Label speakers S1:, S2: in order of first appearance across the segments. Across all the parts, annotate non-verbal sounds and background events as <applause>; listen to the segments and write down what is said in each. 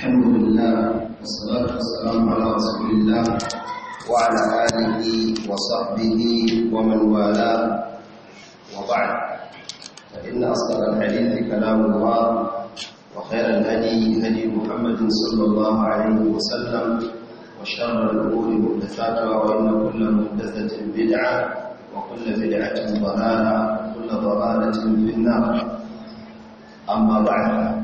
S1: الحمد لله والصلاة والسلام على رسول الله وعلى آله وصحبه ومن والاه وبعد فإن أصدق الحديث كلام الله
S2: وخير الهدي هدي محمد صلى الله عليه وسلم وشر الأمور محدثاتها وإن كل محدثة بدعة وكل بدعة ضلالة وكل ضلالة في النار أما بعد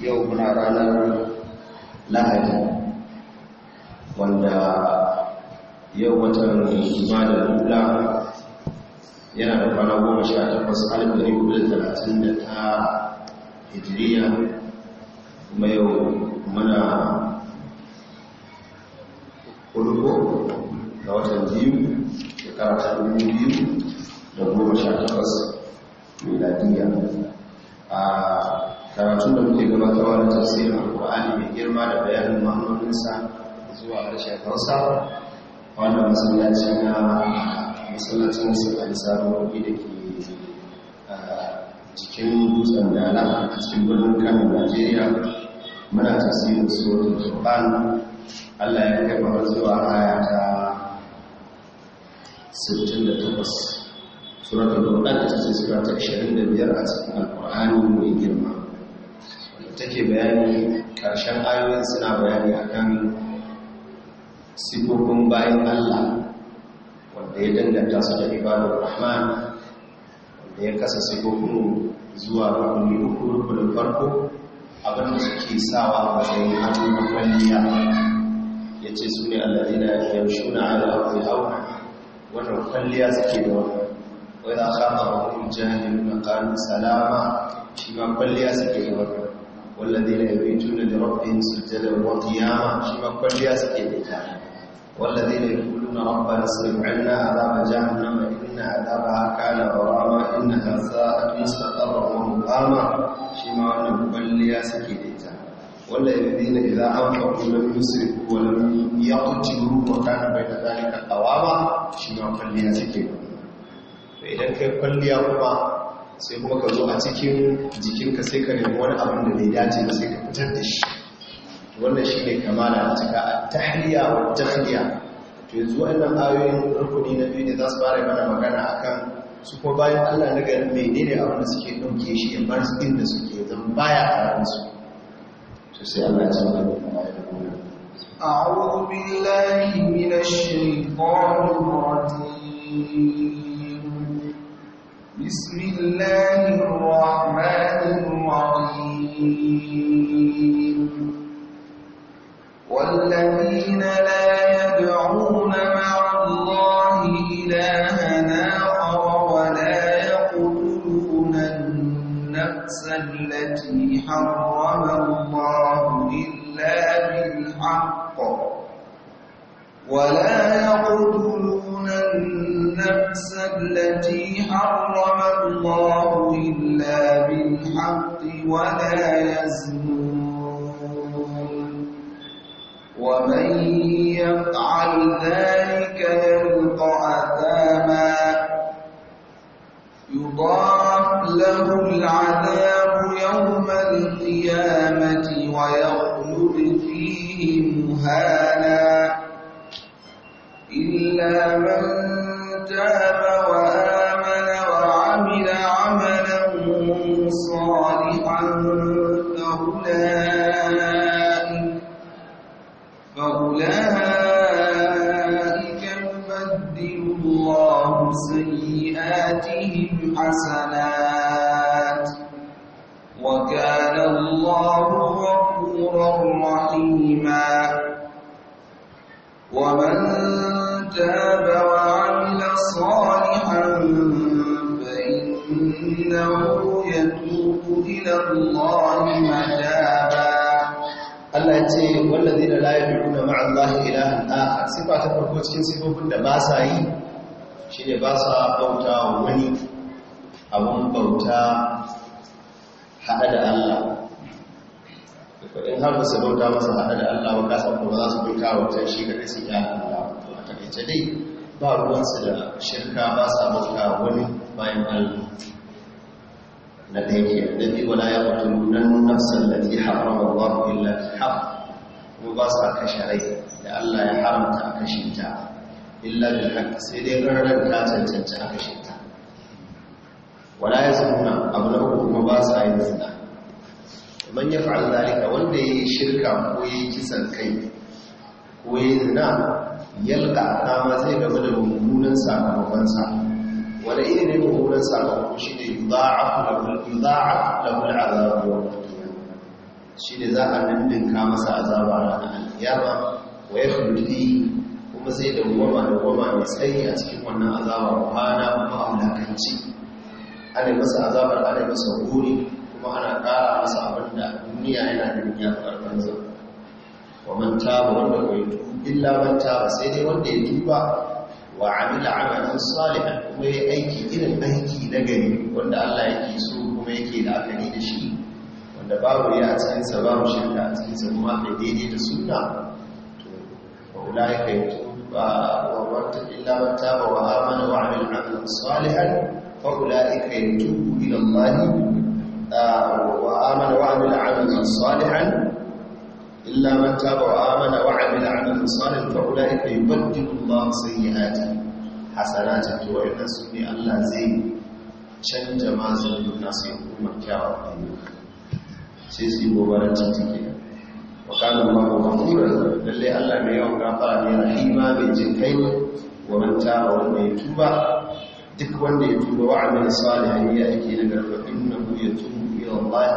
S2: yau muna ranar lahadi wanda yau watan da lula yana da kwana goma sha takwas alif hudu da talatin da ta hijiriya kuma yau muna kurko ga watan biyu shekara ta dubu biyu da goma sha takwas miladiyya a ah, karatun da muke gabatarwa na tafsirin alkur'ani mai girma da bayanin ma'anoninsa zuwa harshen hausa wanda masallaci na masallacin musulmani sabon da ke cikin dutsen dala a cikin birnin kano najeriya muna tasirin wata turban allah ya kai mara zuwa aya ta 68 suratun Qur'an ta ce suka ta 25 a cikin alkur'ani mai girma take bayani karshen ayoyin suna bayani akan sifofin bayan Allah wanda ya danganta su da ibadar rahman wanda ya kasa sifofin zuwa rukuni uku rukunin farko abinda suke sawa a matsayin hannun kwalliya ya ce su ne alladina yamshuna ala ardi hau wannan kwalliya suke da wani wai za a kama jihar jahilun na kanun salama shi ma kwalliya suke da wani والذين يبيتون لربهم سجدا وقياما شما كل ياسكي بيتا والذين يقولون ربنا اصرف عنا عذاب جهنم إن عذابها كان غراما إنها ساءت مستقرا ومقاما شما أن كل ياسكي بيتا والذين إذا أنفقوا لم يسرفوا ولم يقتلوا وكان بين ذلك قواما شما كل ياسكي بيتا فإذا كيف كل يوم sai kuma ka zo a cikin jikinka sai ka nemi wani abin da bai dace sai ka fitar da shi wannan shi ne kamala a cika a tahliya wa tahliya to yanzu wannan ayoyin rukuni na biyu ne za su fara mana magana akan su kuma bayan Allah na menene abin da suke ɗauke shi in bar su inda suke zan baya a da su to sai Allah ya tsara da
S1: أعوذ بالله من الشيطان الرجيم بسم الله الرحمن الرحيم والذين لا يدعون مع الله إلهنا آخر ولا يقتلون النفس التي حرم الله إلا بالحق ولا يقتلون النفس التي حرم الله إلا بالحق ولا يزنون ومن يفعل ذلك يلقى أثاما يضاعف له العذاب يوم القيامة ويخلد فيه مهانا إلا من تاب وآمن الحسنات وكان الله غفورا رحيما ومن تاب وعمل صالحا فإنه يتوب إلى الله متابا Allah ya ce wallazi da la da ma'a
S2: Allah ilahan akhar sifa ta farko cikin sifofin da ba sa yi shine ba sa bauta wani abun bauta haɗa da Allah in har da su masa haɗa da Allah ba kasan kuma za su bauta wancan shi ga kasi ya Allah to a takaice dai ba ruwansu da shirka ba sa bauta wani bayan Allah na ɗaya ke da bi wala ya mutu nan nafsan da ti harama Allah illa bi haq kuma ba sa kashe rai da Allah ya haramta a kashe ta illa bi haq sai dai ranar ta cancanta a kashe ta wala ya suna abu na uku kuma ba sa yin zina man ya fa'al zalika wanda ya yi shirka ko ya yi kisan kai ko ya yi zina yalka kama zai gaba da mummunan sakamakonsa wani iri ne mummunan sakamakon shi ne yuza'afu lahul azabu yau shi ne za a ka masa azaba ranar alkiyama wa ya fi kuma zai da goma da goma mai tsayi a cikin wannan azaba kwana kuma a wulakanci ana masa azabar ana masa huri kuma ana ƙara masa abin da duniya yana duniya a ƙarfin zan wa man taba wanda bai illa man taba sai dai wanda ya tuba wa amila amalan salihan kuma ya aiki irin aiki na gari wanda Allah yake so kuma yake da akari da shi wanda babu ya a cikinsa babu shirka a cikinsa kuma da daidai da sunna to wa ulai kai tuba wa wata illa man taba wa amana wa amila amalan salihan فأولئك يتوب إلى الله
S1: وآمن وعمل عملا صالحا إلا من تاب وآمن وعمل
S2: عملا صالحا فأولئك يبدل الله سيئاته حسنات وإن سني الله زي شنج ما زي الناس يقوم الكاوة سيسي مبارك تتكي وكان الله غفورا للي الله ميوم غفرا رحيما من جنكين ومن تاب ومن يتوب duk wanda ya tuba wa amil salihan ya ake na garba innahu yatubu ila Allah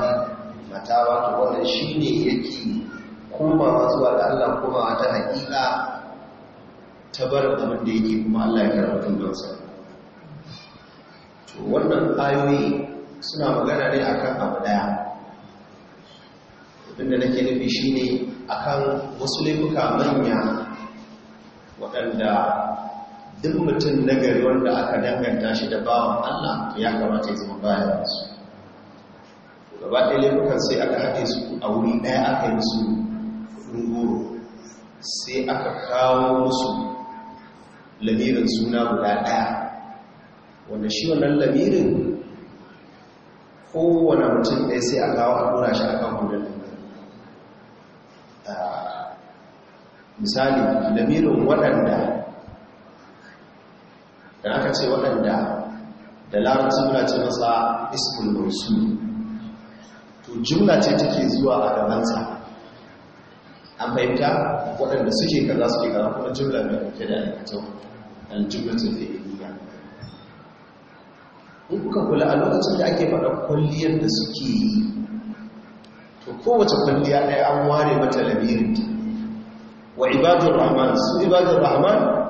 S2: fatawa to shi shine yake kuma zuwa ga Allah komawa ta hakika ta bar abin da yake kuma Allah ya karɓa tubansa to wannan ayoyi suna magana ne akan abu daya abinda nake nufi shine akan wasu laifuka manya waɗanda duk mutum na gari wanda aka danganta shi da bawan Allah ya kamata ya zama bayan su gaba ɗaya laifukan sai aka haɗe su a wuri ɗaya aka yi su ɗungoro sai aka kawo musu lamirin suna guda ɗaya wanda shi wannan lamirin kowane mutum ɗaya sai a kawo a ɗora shi a kan hudu ah, misali lamirin waɗanda da aka ce waɗanda da larabci muna ce masa iskul mursu to jumla ce take zuwa a gabansa an fahimta waɗanda suke kaza suke kaza kuma jumla mai ɗauke da aikatau jumla ce da iliya in kuka kula a lokacin da ake faɗa kwalliyar da suke yi to kowace kwalliya ɗaya an ware mata ta. wa ibadar rahman su ibadar rahman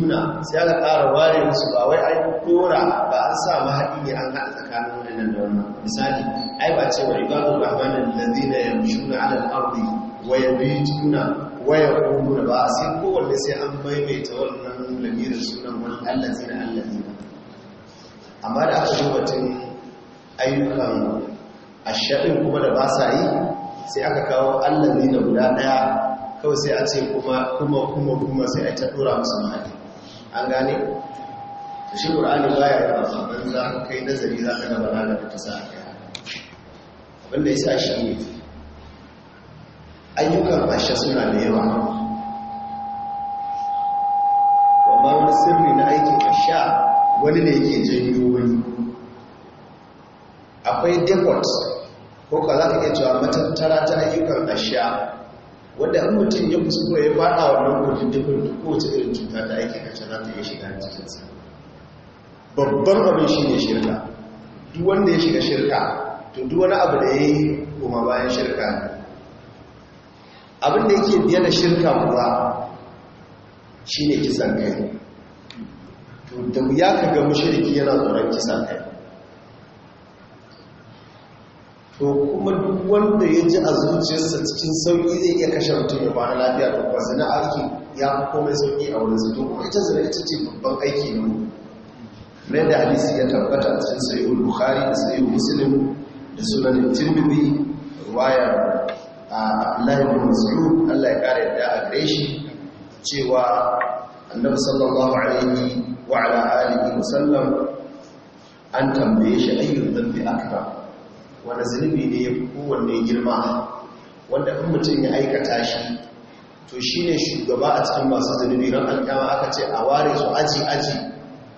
S2: juna sai aka ƙara ware musu ba wai ai dora ba an sa mahaɗi ne an haɗa tsakanin wannan da wannan misali ai ba ce wa ibadu rahmanin lalzina yamshuna ala al ardi wa ya wa yaquluna ba sai wanne sai an maimaita wannan lamirin sunan wani allazina allazina amma da aka duba tun ayyukan ashaɗin kuma da ba sa yi sai aka kawo allazina guda daya kawai sai a ce kuma kuma kuma sai a ta dora musu mahadi an gane ta shi ƙur'ani ba ya rafa don za ka kai nazari za ka gaba rana da ta sa a kai abinda ya sa shi ne ayyukan ashe suna da yawa amma wani sirri na aikin asha
S1: wani ne yake janyo wani
S2: akwai depot ko ka za ka iya cewa matattara ta ayyukan asha wanda an mutum ya kuskure ya faɗa wannan kudin dafin duk kowace irin cuta da aiki kashe za ta iya shiga cikinsa babban abin shi ne shirka duk wanda ya shiga shirka to duk wani abu da ya yi kuma bayan shirka ne abin da yake biya da shirka kuwa shi ne kisan kai to da ya kaga mashirki yana tsoron kisan kai to kuma duk wanda ya ji a zuciyarsa cikin sauƙi zai iya kashe mutum ya kwana lafiya to ba zina aiki ya fi komai sauƙi a wurin zato kuma ita zai ita ce babban aiki ne mai da hadisi ya tabbata a cikin Sayyid bukhari da Sayyid muslim da sunan tirmidhi ruwaya a Allah ibn Mas'ud ya kare da a gare shi cewa annabi sallallahu alaihi wa ala alihi wa an tambaye shi ayyul dhanbi akbar wanda zunubi ne ya fi kowanne girma wanda in mutum ya aikata shi to shi ne shugaba a cikin masu zunubi ran alkama aka ce a ware su aji aji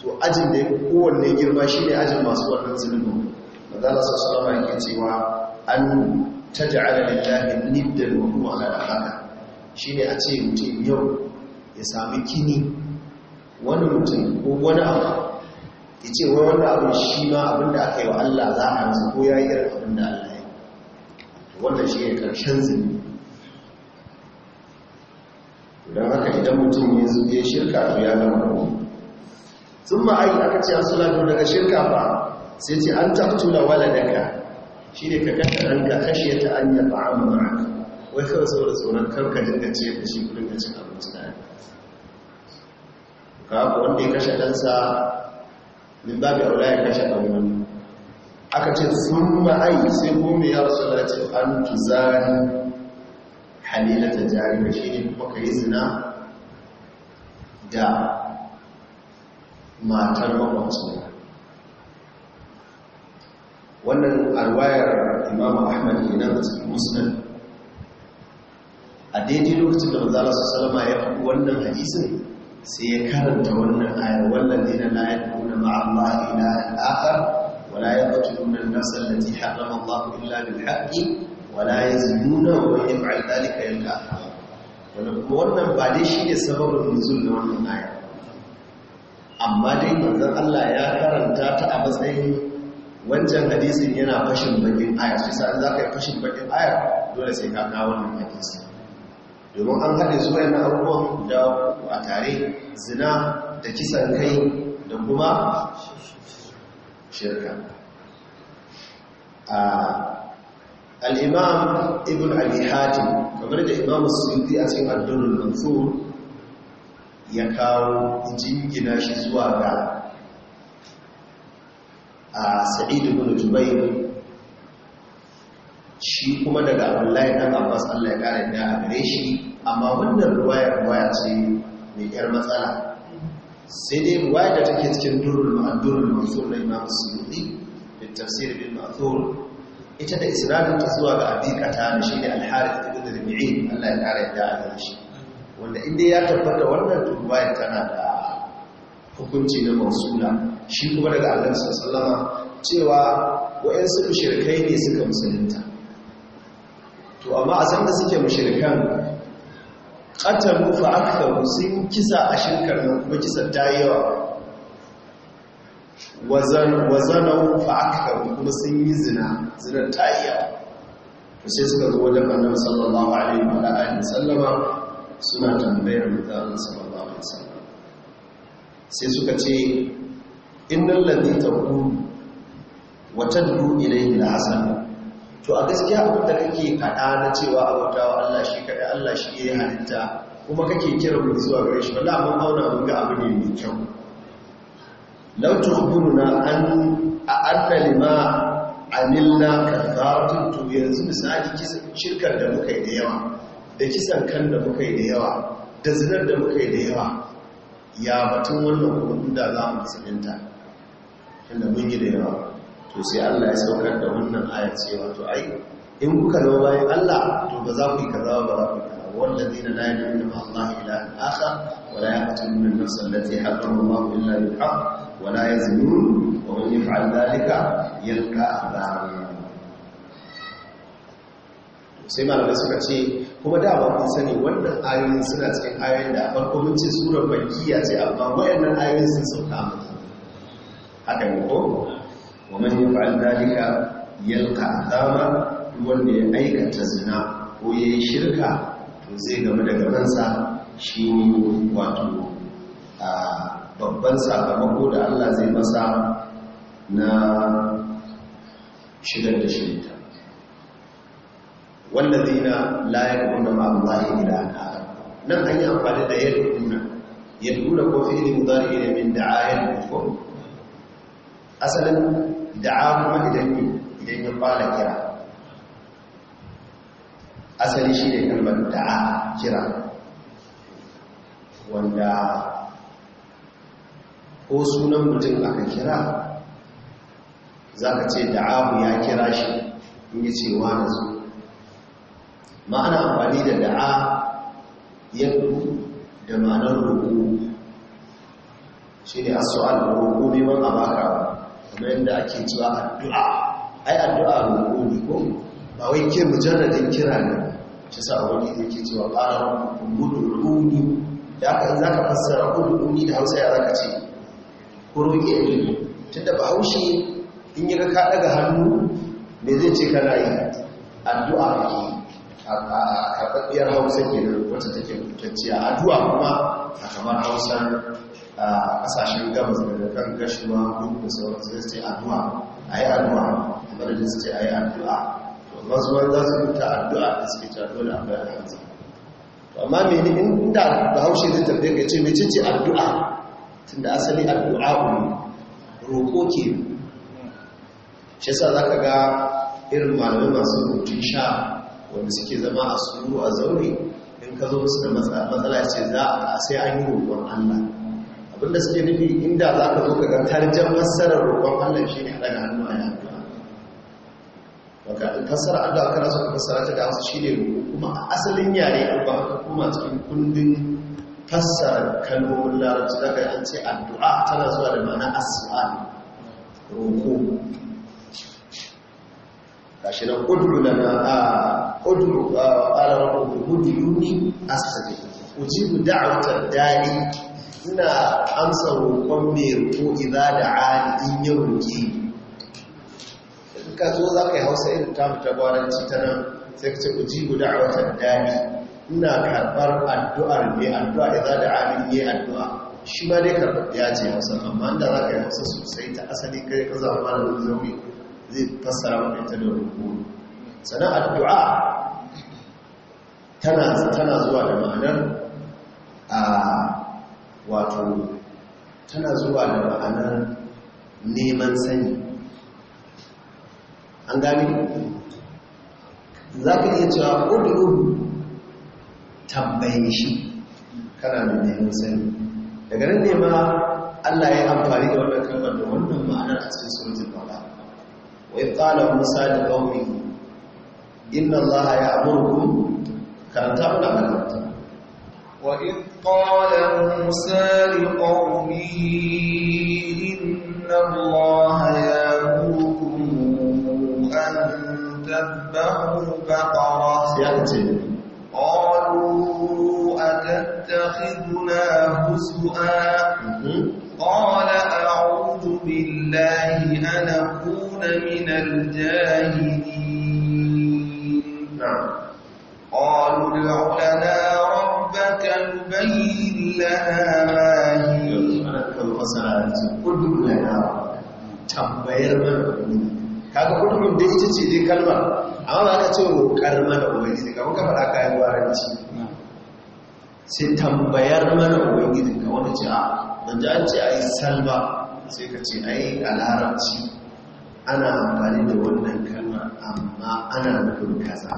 S2: to ajin da ya fi kowanne girma shi ne ajin masu wannan zunubin mazala su salama yake cewa an ta ja'ala lillahi niddan wa huwa haka shi ne a ce mutum yau ya sami kini wani mutum ko wani abu ya ce wai wanda abu shi ma abin da aka yi wa Allah za a masa ko ya yi irin abin da Allah ya yi wannan shi ne ƙarshen zini don haka idan mutum ya zuke shirka to ya gama rauni sun yi aka ce an sulatu daga shirka ba sai ce an taktula wala daga shi ne ka kashe ranka kashe ta an yi ba'amu mara wai kawai saboda tsoron karka dinga ce da shi kudin da cin abinci na ka wanda ya kashe ɗansa min babu aula ya kashe ɗaunin aka ce sun ma'ai sai gome ya rasu da ce an tuzari halila ta jarima shi ne kuma ka yi zina da matar makwacin wannan alwayar imamu ahmad ne na cikin musulun a daidai lokacin da manzala su salama ya fi wannan hadisin sai ya karanta wannan ayar wallazina la yad'una ma'a allahi ilahan akhar wala la yaqtuluna an-nafsa allati harrama allah illa bil haqqi wala la wa yaf'al dhalika yalqa wannan wannan ba dai shine sababin nuzul na wannan ayar amma dai manzon Allah ya karanta ta a matsayin wancan hadisin yana fashin bakin aya sai sai za ka yi fashin bakin ayar dole sai ka kawo wannan hadisi domin an haɗe zuwa wayan abubuwan guda a tare zina da kisan kai da kuma shirka al'imam ibn Ali hatim kamar da imam suyuti a cikin addunin mansur ya kawo jingina shi zuwa ga a sa'idu bin jubair shi kuma daga abdullahi dan abbas allah ya kare da a gare shi amma wannan ruwaya ruwaya ce mai yar matsala sai dai ruwaya da take cikin durul ma'adurul mansur na imam suyuti da tafsir bin ma'thur ita da isnadin ta zuwa ga kata da shi ne al-harith ibn rabi'i allah ya kare da a gare shi wanda inda ya tabbata wannan ruwaya tana da hukunci na mausula shi kuma daga Allah sallallahu alaihi wasallam cewa wa'ansu mushrikai ne suka musulunta to amma a san da suke mushrikan qatalu fa aktharu sun kisa a shirkar nan kuma kisa ta yi yawa wazan wazanu fa aktharu kuma sun yi zina zina ta yawa to sai suka zo wajen annabi sallallahu alaihi wa alihi sallama suna tambayar mutanen sallallahu alaihi wasallam sai suka ce innal ladhi taqulu wa tad'u ilayhi al-hasan to a gaskiya abin da kake haɗa na cewa abutawa Allah shi kada Allah shi ya halitta kuma kake kira mu zuwa gare shi wallahi mun auna mun ga abu ne mai kyau law tuhbiruna an a anna lima amilna to yanzu misali kisan shirkar da muka yi da yawa da kisan kan da muka yi da yawa da zinar da muka yi da yawa ya batun wannan kuma inda za mu musulunta tunda mun yi da yawa to sai Allah ya saukar da wannan ayar cewa to ai in kuka zama bayan Allah to ba za ku yi kaza ba za ku yi kaza wanda zaina na layi da wani Allah ila aka wala ya kacin min nafsa allati harrama Allah illa bil haqq la yaznun wa man yaf'al dhalika yalqa adhaban sai malamai suka ce kuma da ba kun sani wannan ayoyin suna cikin ayoyin da farko mun ce surar bakiya ce amma wayannan ayoyin sun sauka mu haka ne ko wa man yaf'al dhalika yalqa azaba duk wanda ya aikata zina ko ya yi shirka to zai game da gabansa shi ne wato a babban sakamako da Allah zai masa na shigar da shi ta wallazina la yaquluna ma da ilaha nan an yi amfani da yadda yaquluna ko fi'li mudari ne min da'ayat mafhum asalin da'a kuma idan ne idan ya fara kira asali shi ne kalmar da'a kira wanda ko sunan mutum aka kira za ka ce da'ahu ya kira shi in yi cewa na su ma'ana amfani da da'a yadda da ma'anar roƙo shi ne asu'al roƙo neman a baka kamar yadda ake cewa addu'a ai addu'a roƙo ne ko ba wai ke mujarradin kira ne shi sa wani yake cewa ƙara rabbukum ud'uni Ya aka za ka fassara ud'uni da Hausa ya zaka ce ko roƙe ni tunda Bahaushe in yi ka daga hannu me zai ce kana yi addu'a ne a karɓaɓɓiyar hausa ke wacce take rubutacciya addu'a kuma a kamar hausar a kasashen gabas da kan gashuwa duk da sauran sai sai addu'a a yi addu'a da madadin su ce a yi addu'a to mazuwar za su rubuta addu'a da suke ta dole da hanzu to amma mene inda bahaushe zai tafi ga ce mece ce addu'a tunda asali addu'a roƙo ke shi yasa za ka ga irin malamai masu rubutun sha wanda suke zama a suru a zaure in ka zo musu da matsala ce za a sai an yi roƙon allah wanda suke nufi inda za ka zo ka ga tarjan fassarar roƙon Allah shi ne a daga hannu a yanzu baka fassara da kana suka fassara ta da shi ne roƙo kuma a asalin yare an ba haka kuma cikin kundin fassara kalmomin larabci da kai an ce addu'a tana zuwa da ma'ana asu'an sual roƙo gashi nan ud'u lana a ud'u ala rabbukum ud'uni astajib ujibu da'watad da'i ina amsa roƙon mai roƙo iza da ali in yi roƙe in ka zo za ka yi hausa irin tamu gwaranci ta nan sai ka ce ku ji guda a watan dani ina karbar addu'ar mai addu'a iza da ali addu'a shi ma dai karɓar ya ce hausa amma inda za ka yi hausa sosai ta asali kai ka zama da zaune zai fassara mai ta da roƙo addu'a tana zuwa da ma'anar a ah, wato tana zuwa da ma'anar neman sani an gani za ka iya cewa ƙuduruhu tambaye shi kana da neman sani daga nan ne ma allah ya amfani da wannan kalmar da wannan ma'anar a cikin sojin bala wai ƙala musa da ƙaumi inna allah ya amurku karanta wani alamta
S1: وإذ قال موسى لقومه إن الله يأمركم أن تذبحوا بقرة قالوا أتتخذنا هزؤا قال أعوذ بالله أن أكون من الجاهلين نعم. قالوا ادع لنا
S2: نبين لها ما هي ud'u lana tambayar mana ubangiji kaga ud'u da ita ce dai kalmar amma ba ka ce roƙar mana ubangiji ka muka faɗa kayan gwaranci sai tambayar mana ubangiji ka wani ce a manzo an ce ai salma sai ka ce ai a larabci ana amfani da wannan kalma amma ana nufin kaza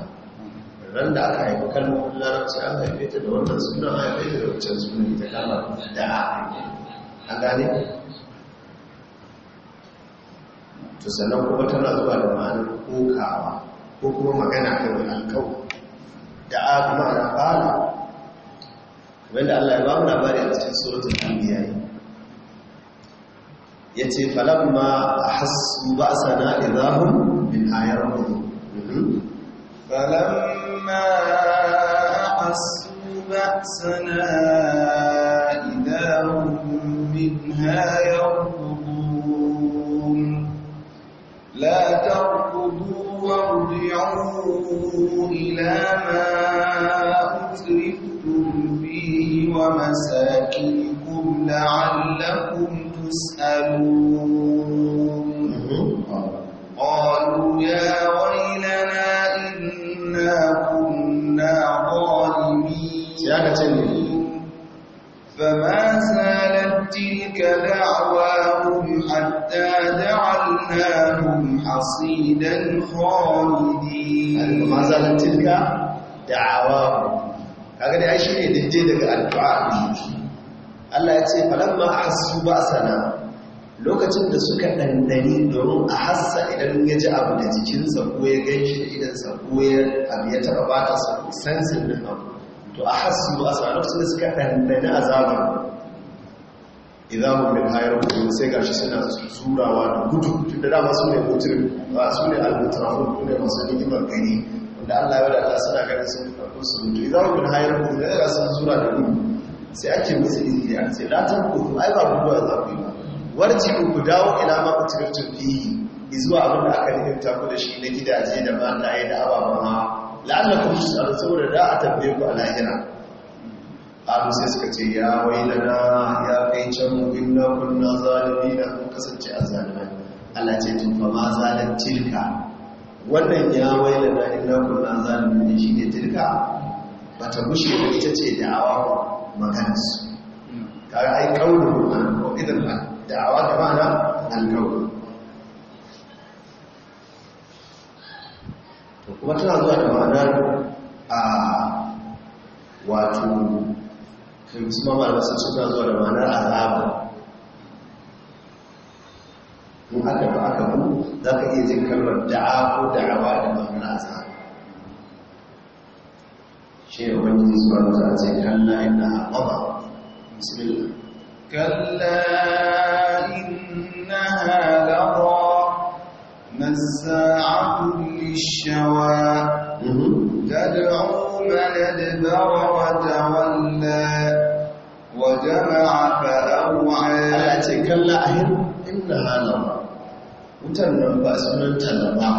S2: ran da aka haifi kalmomin larabci an haife ta da wannan suna an haife da wancan suna ita kama da a gane to sannan kuma tana zuwa da ma'anar kokawa ko kuma magana wani alkau da a kuma ana fara wanda Allah ya ba mu labari a cikin suratul anbiya yace falamma ahassu ba'sana idahum min ayar
S1: hmm? فلما أحسوا بأسنا إذا هم منها يركضون لا تركضوا وارجعوا إلى ما أترفتم فيه ومساكنكم لعلكم تسألون قالوا يا ولد فما زالت تلك دعواهم حتى جعلناهم حصيدا خالدين ما زالت تلك دعواهم kaga dai
S2: shi ne daidai daga addu'a Allah ya ce falamma ba sana lokacin da suka dandani domin a hassa idan ya ji abu da jikinsa ko ya gaishe idan sa ya abu ya taba bata sa sensin din abu to a hasu a lokacin da suka ɗanɗani azabar idan mu min hayar kuma sai gashi suna zurawa da gudu da dama su ne mutum ba su ne albutrafin su ne masu ni'imar gani wanda allah da ta suna ganin sun farko su mutu idan mu hayar kuma da yara sun zura da gudu sai ake musu izini a ce latin kudu ai ba gudu a ku yi ba warci ku dawo ina ma kuturtun fiye zuwa abin da aka ta ku da shi na gidaje da mataye da ababen hawa su tus'alu saboda da a tabbe ku a lahira abu sai suka ce ya na ya kai can mu inna kunna zalimina mun kasance zalibai Allah ce tun fa ma tilka wannan ya wailana inna kunna shi shine tilka bata bushe ba ita ce da'awa maganar su kaga ai kaulu ko idan da'awa da ma'ana alkaulu kuma tana zuwa da ma'anar a wato kan su ma su sun suna zuwa da ma'anar azaba in aka ba aka bu za ka iya jin kalmar da'a ko da'awa da ma'anar azaba shi ya wani zai zuwa da ce kalla ina haɓaɓa bismillah
S1: kalla innaha lara masa الشوى تدعو من ادبر وتولى وجمع فأوعى ألا تكلا
S2: أهل إنها ba sunanta da ba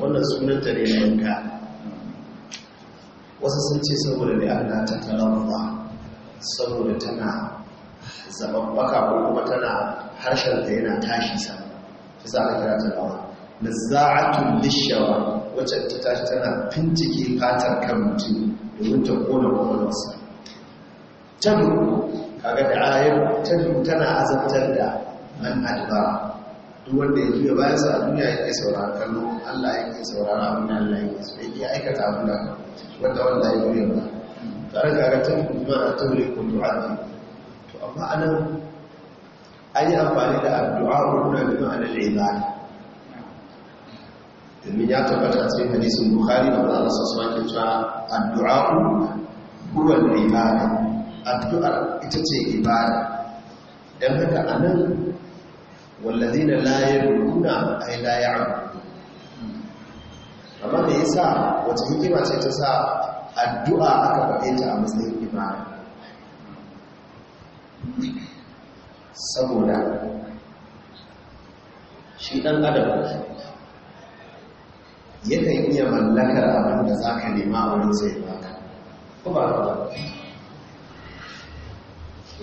S2: wannan sunanta ne yanka wasu sun ce saboda ne allah ta tarabba saboda tana zaɓaɓɓaka ko kuma tana harshen da yana tashi sama ta sa aka kira ta lawa za'atun lishawa wacce ta tashi tana bincike fatar kan mutum domin ta kona kwakwalwarsa tadu kaga da ayar tadu tana azabtar da nan adba duk wanda ya juya bayan sa a duniya ya ke saurara kallo Allah ya ke saurara abin Allah ke so yake aikata abin da wanda wanda ya juya ba tare da ga tafi, kuma a taure ko du'a to amma anan ayi amfani da addu'a ko da ma'anar ibada domin ya tabbata cikin hadisin bukhari da Allah sallallahu alaihi cewa addu'a'u kuwan da ibada addu'a ita ce ibada dan haka anan wallazina la yaduna a yi ya'budu amma da ya yasa wata hikima ce ta sa addu'a aka baɗe ta a matsayin
S1: ibada saboda shi dan adabar
S2: yakan iya mallakar abin da za ka nema a wurin sai ba ka ko ba ba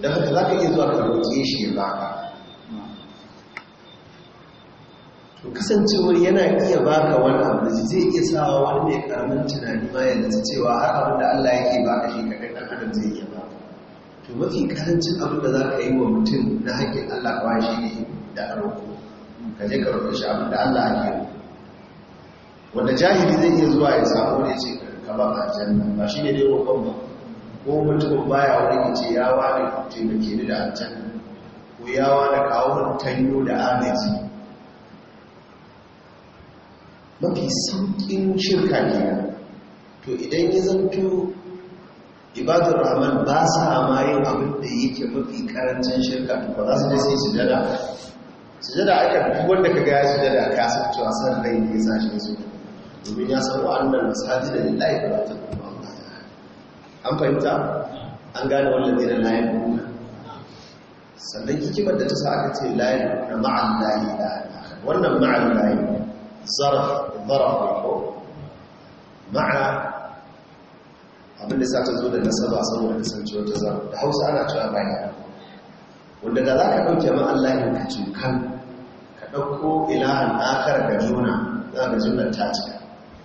S2: da haka za ka iya zuwa ka roƙe shi ba ka to
S1: kasancewar yana iya baka wani abu da
S2: zai iya sawa wani mai karamin tunani ma ya ta cewa har abin da Allah yake baka shi kadai ɗan adam zai iya ba to mafi karancin abin da za ka yi wa mutum na haƙƙin Allah ba shi ne da roƙo ka je ka roƙe shi abin da Allah yake wanda jahili zai iya zuwa ya samu ne ce ka ba a janna ba shi ne dai roƙon ba ko mutumin baya wani ce ya wani ke ni da can ko ya wani kawon tanyo da agaji mafi sauƙin shirka ne to idan ya zanto ibadar rahman ba sa ma yin abin da yake mafi karancin shirka ba za su je sai sujada sujada aka duk wanda ka ga ya sujada ka san cewa san rai ne ya sa shi sujada domin ya san wa'annan masajida lillahi kuma tad'u an fahimta an gane wannan zai layin nuna sannan hikimar da ta sa aka ce layin na ma'an layi da wannan ma'an layi zaraf zaraf ne ko ma'a abin da sa ta zo da nasaba saboda kasance wata zaraf da hausa ana cewa bayan wanda da za ka ɗauke ma'an layin ka kan ka ɗauko an akar ga nuna za ka jimlar ta cika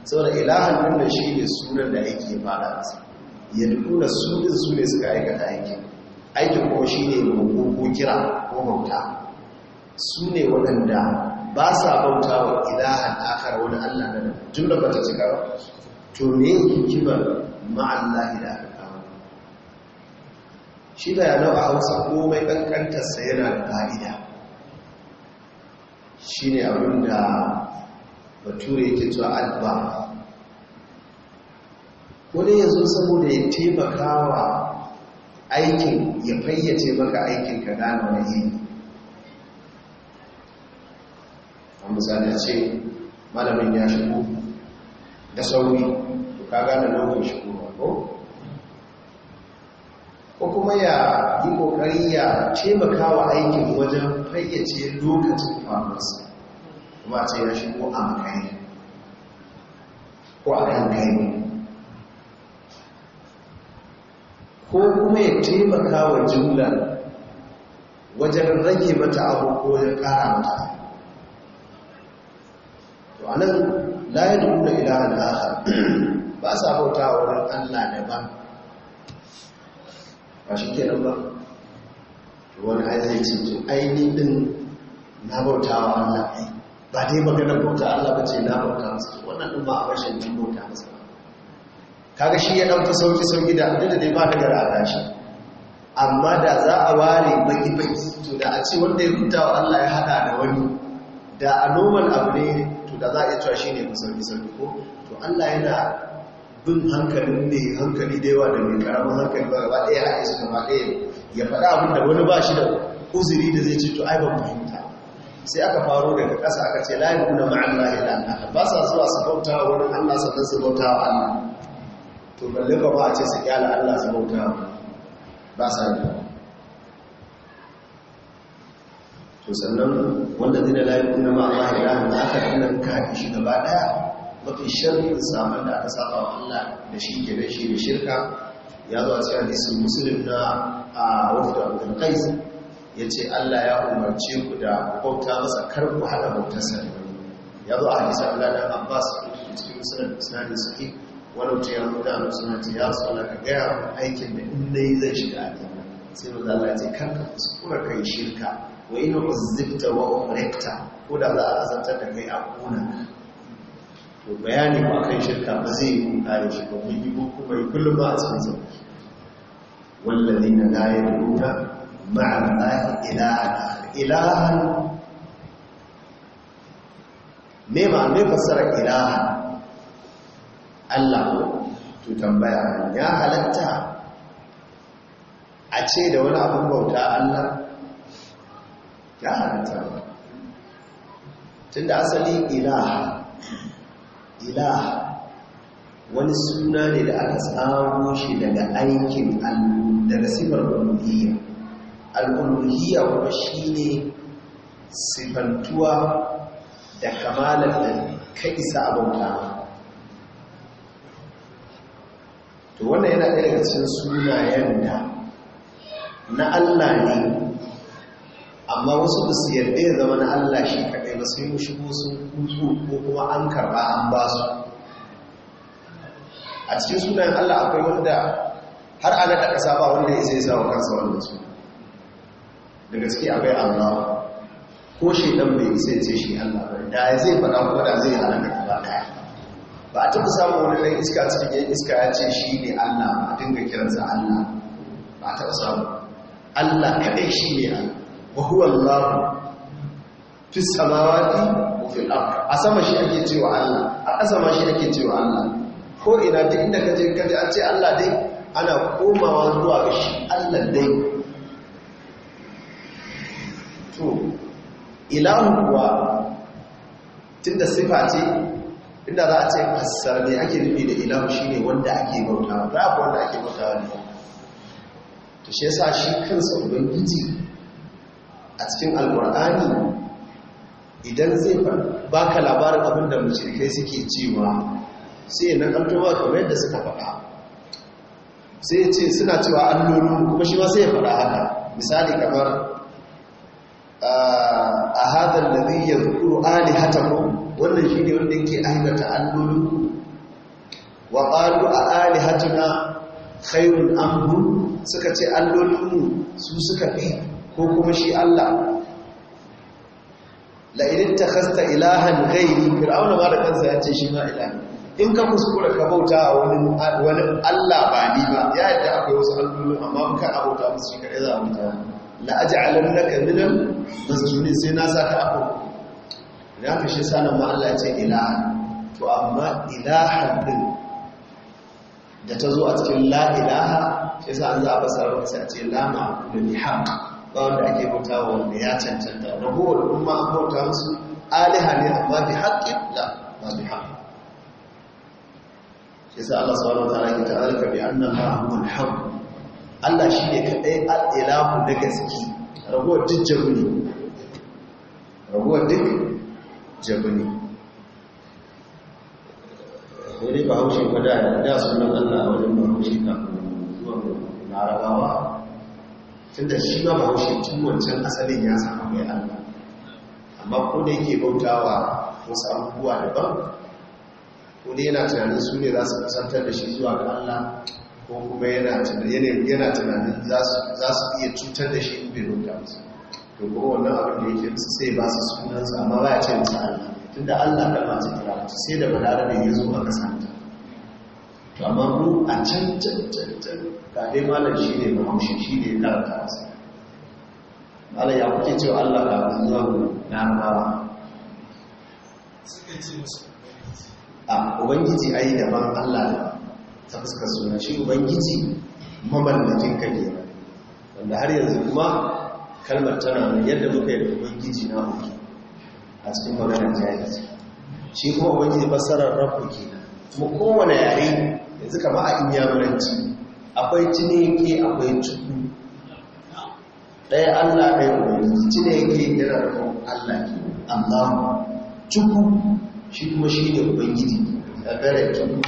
S2: saboda ilahan nan da shi ne sunan da ake fara masa ya duk da su su ne suka aikata aiki, aikin ko shi ne roƙo ko kira ko bauta su ne waɗanda ba sa bauta wa ilahan akar wani allah na da tun da bata cika ba to ne hikimar ma'allahi da aka kama shi da yana a hausa komai ƙanƙantarsa yana da fa'ida shi ne abin da bature ke cewa adba ko ya zo saboda ya taimaka wa aikin ya fayyace maka aikin ka gane wani yi a misali ce malamin ya shigo da sauri to ka gane lokacin shigo ko ko kuma ya yi kokari ya taimaka wa aikin wajen fayyace lokacin faruwarsa ba ce ya shigo a makare ko a kan kai ko kuma ya taimaka wa jimla wajen rage mata abu ko ya kara mata to a nan layin da nuna ilaha <clears throat> da ba sa bauta wa wurin allah da ba ba shi ke nan ba wani aiki cikin ce na bauta wa allah ne ba dai maganar bauta Allah ba ce na bauta masa wannan ɗin ba a rashin cin bauta masa kaga shi ya ɗauki sauki sauki da abin da dai ba daga rana shi amma da za a ware baki baki to da a ce wanda ya kuta wa Allah ya haɗa da wani da a noman abu ne to da za a iya cewa shi ne sauki sauki ko to Allah yana bin hankalin ne hankali da yawa da mai karamin hankali ba gaba ɗaya a isa gaba ɗaya ya faɗa abin da wani ba shi da uzuri da zai ce to ai ban fahimta sai aka faro daga ƙasa aka ce kuna yakuna ya ilaha ba sa zuwa su bauta wa wani Allah sannan su bauta wa Allah to balle ba ba a ce su kyala Allah su bauta wa ba sa yi to sannan wanda zina la yakuna ma'allahi ilaha ba aka nan kafi shi gaba daya mafi shirin samun da aka saba wa Allah da shi ke da shi da shirka ya zo a cikin hadisin muslim na a wafda abdul qais ya ce Allah ya umarci ku da bauta masa karku ku haɗa bautar sa ya zo a hadisa Allah da Abbas da cikin musulun isnadi suke wani wuce ya rubuta a suna ce ya su ka gaya a aikin da in dai zai shiga aljanna sai maza Allah ce kar ka kuskura kai shirka wa ina uzzibta wa umrekta ko da za a azantar da kai a kuna to bayani ba kan shirka ba zai yi kare shi ba mun yi kuma kullum ba a tsanzan sauki والذين لا ma'allahi ilahan ilahan me ma me fasara ilahan Allah to tambaya ya halatta a ce da wani abin bauta Allah ya halatta tunda asali ilaha ilaha wani suna ne da aka tsamo shi daga aikin daga sifar rububiyya al'uluhiyya kuma shi ne sifantuwa da kamalar da ka isa abauta to wannan yana ɗaya daga cikin sunayen da na Allah ne amma wasu ba su yarda ya zama na Allah shi kaɗai ba sai mu shigo sun kutu ko kuma an karɓa an ba su a cikin sunayen Allah akwai wanda har a naɗa ƙasa ba wanda ya sai sa wa kansa suna da gaske akwai Allah ko shaidan bai isa ce shi Allah ba da zai faɗa kuma da zai halaka ba daya ba a taɓa samun wani ɗan iska cikin yan iska ya ce shi ne Allah a dinga kiransa Allah ba a taɓa samu Allah kaɗai shi ne Allah wa huwa Allah fi samawati wa fil ard a sama shi ake cewa Allah a ƙasa ma shi ake cewa Allah ko ina duk inda kaje kaje a ce Allah dai ana komawa zuwa ga shi Allah dai to ilahu kuwa tunda sifa ce inda za a ce fassara ne ake nufi da ilahu shine wanda ake bautawa babu wanda ake bautawa ne to shi yasa shi kansa ubangiji a cikin alkur'ani idan zai baka labarin abin da mushrikai suke cewa sai nan altowa kamar yadda suka faɗa sai ce suna cewa allolin kuma shi ma sai ya faɗa haka misali kamar a hadar da zai yadda ali hatakum wannan shi ne wanda ke yake ahidata allolinku wa ƙalu a ali na khairun amhu suka ce allolinmu su suka fi ko kuma shi Allah la'inin ta kasta ilahan gairi fir'auna ba da kansa ya ce shi ma ilahan in ka kuskura ka bauta a wani Allah ba ni ba ya yadda akwai wasu allolin amma kan abauta musu shi kaɗai za a mutane la'aja'alan na kamilan masjidin sai na sa ka abu da haka shi sanin ma Allah ce ilaha to amma ilahan din da ta zo a cikin la ilaha shi sa an za a fasara wata ce la ma'abudu ni haq ba wanda ake bauta wa wanda ya cancanta na kowane kuma an bauta musu aliha ne amma bi haƙƙin la ba bi haƙƙin Sai sa Allah subhanahu wa ta'ala ke ta'alka bi annallaha huwal haqq Allah shi ne kaɗai al'ilahu na gaske raguwar duk jabu ne raguwar duk jabu ne wani ba haushe kwada da sunan Allah a wajen mahaushe haushe kafin zuwan larabawa tun da shi ba haushe tun wancan asalin ya sami mai Allah amma ko da yake bautawa wasu abubuwa daban ko ne yana tunanin su ne za su kasantar da shi zuwa ga Allah ko kuma yana tunanin za su iya cutar da shi in bai roƙa musu to kuma wannan abin da yake su sai ba su sunansa amma ba ya ce musu Allah tunda Allah da masu kira sai da da ya zo aka santa to amma mu a can can can can ka dai malam shi ne bahaushe shi ne karanta wasu malam ya kuke cewa Allah ka kafin zuwa mu na arbawa a ubangiji ayi daban Allah daban ta fuska suna shi ubangiji mamallakin ka ne wanda har yanzu kuma kalmar tana mai yadda muka yi da ubangiji na hukki a cikin maganin jahilci shi kuma ubangiji fassarar rabu ke kuma kowane yare yanzu kama a inyamuranci akwai yake akwai cikin ɗaya allah ɗaya ubangiji yake yana da allah ke amma cikin shi kuma shi ne ubangiji a gara cikin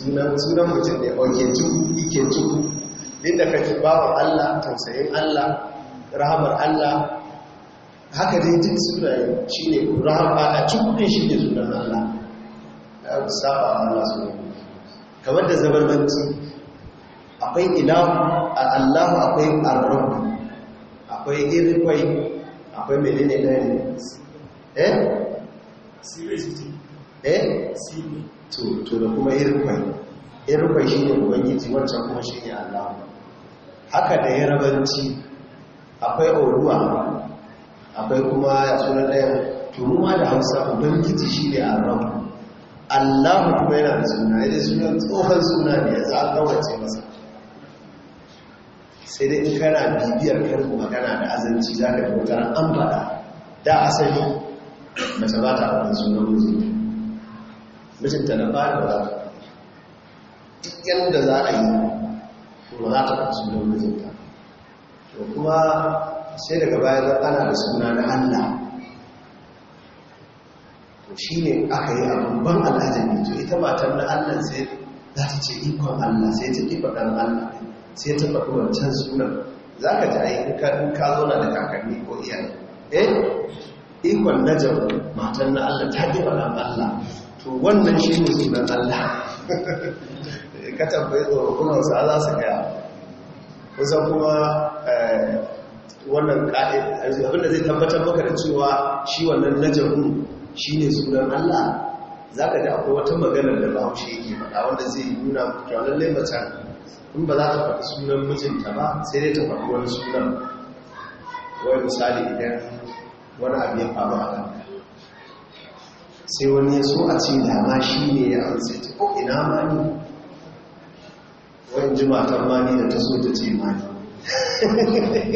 S2: sunan mutum ne oke tuku ike tuku inda kake bawa Allah tausayin Allah rahamar Allah haka dai duk sunaye shi ne rahama a cikin shi ne sunan Allah ya saba Allah ne kamar da zamananci akwai ilahu a Allah akwai arrabu akwai kwai, akwai menene ɗaya eh? eh? to da kuma irkwai irkwai shi ne ubangiji wancan kuma shi ne allah haka da rabanci akwai oruwa. akwai kuma ya suna daya turuwa da hausa ubangiji shi ne allah kuma yana da suna ya suna tsohon suna ne ya za masa sai dai in kana bibiyar kuma magana da azanci za ka da wutar an bada da asali mace ba ta abin sunan mutum mijinta na ba za wata duk yadda za a yi ba za ta fi da mijinta to kuma sai daga baya za ana da suna na allah to shi ne aka yi abin ban al'ajabi to ita matan na allah sai za ta ce ikon allah sai ta ƙi faɗan allah sai ta faɗi wancan sunan za ka ta yi in ka na da kakanni ko iya. eh ikon najab matan na allah ta ƙi faɗan allah to wannan shi ne sunan Allah <laughs> ka tambayi tsoron sa za su kaya kusa kuma eh, wannan ƙa'id abinda zai tabbatar maka da cewa shi wannan najahun shi ne sunan Allah za ka da akwai wata maganar da ba haushe yake faɗa wanda zai yi nuna kyanar laimacin in ba za ta faɗi sunan mijinta ba sai dai ta faɗi wani sunan wani misali idan wani abu ya faru a kan sai wani ya so a ce ma shi ne ya ansa ta ko ina ma ni? wani ji matan mani da ta so ta ce mani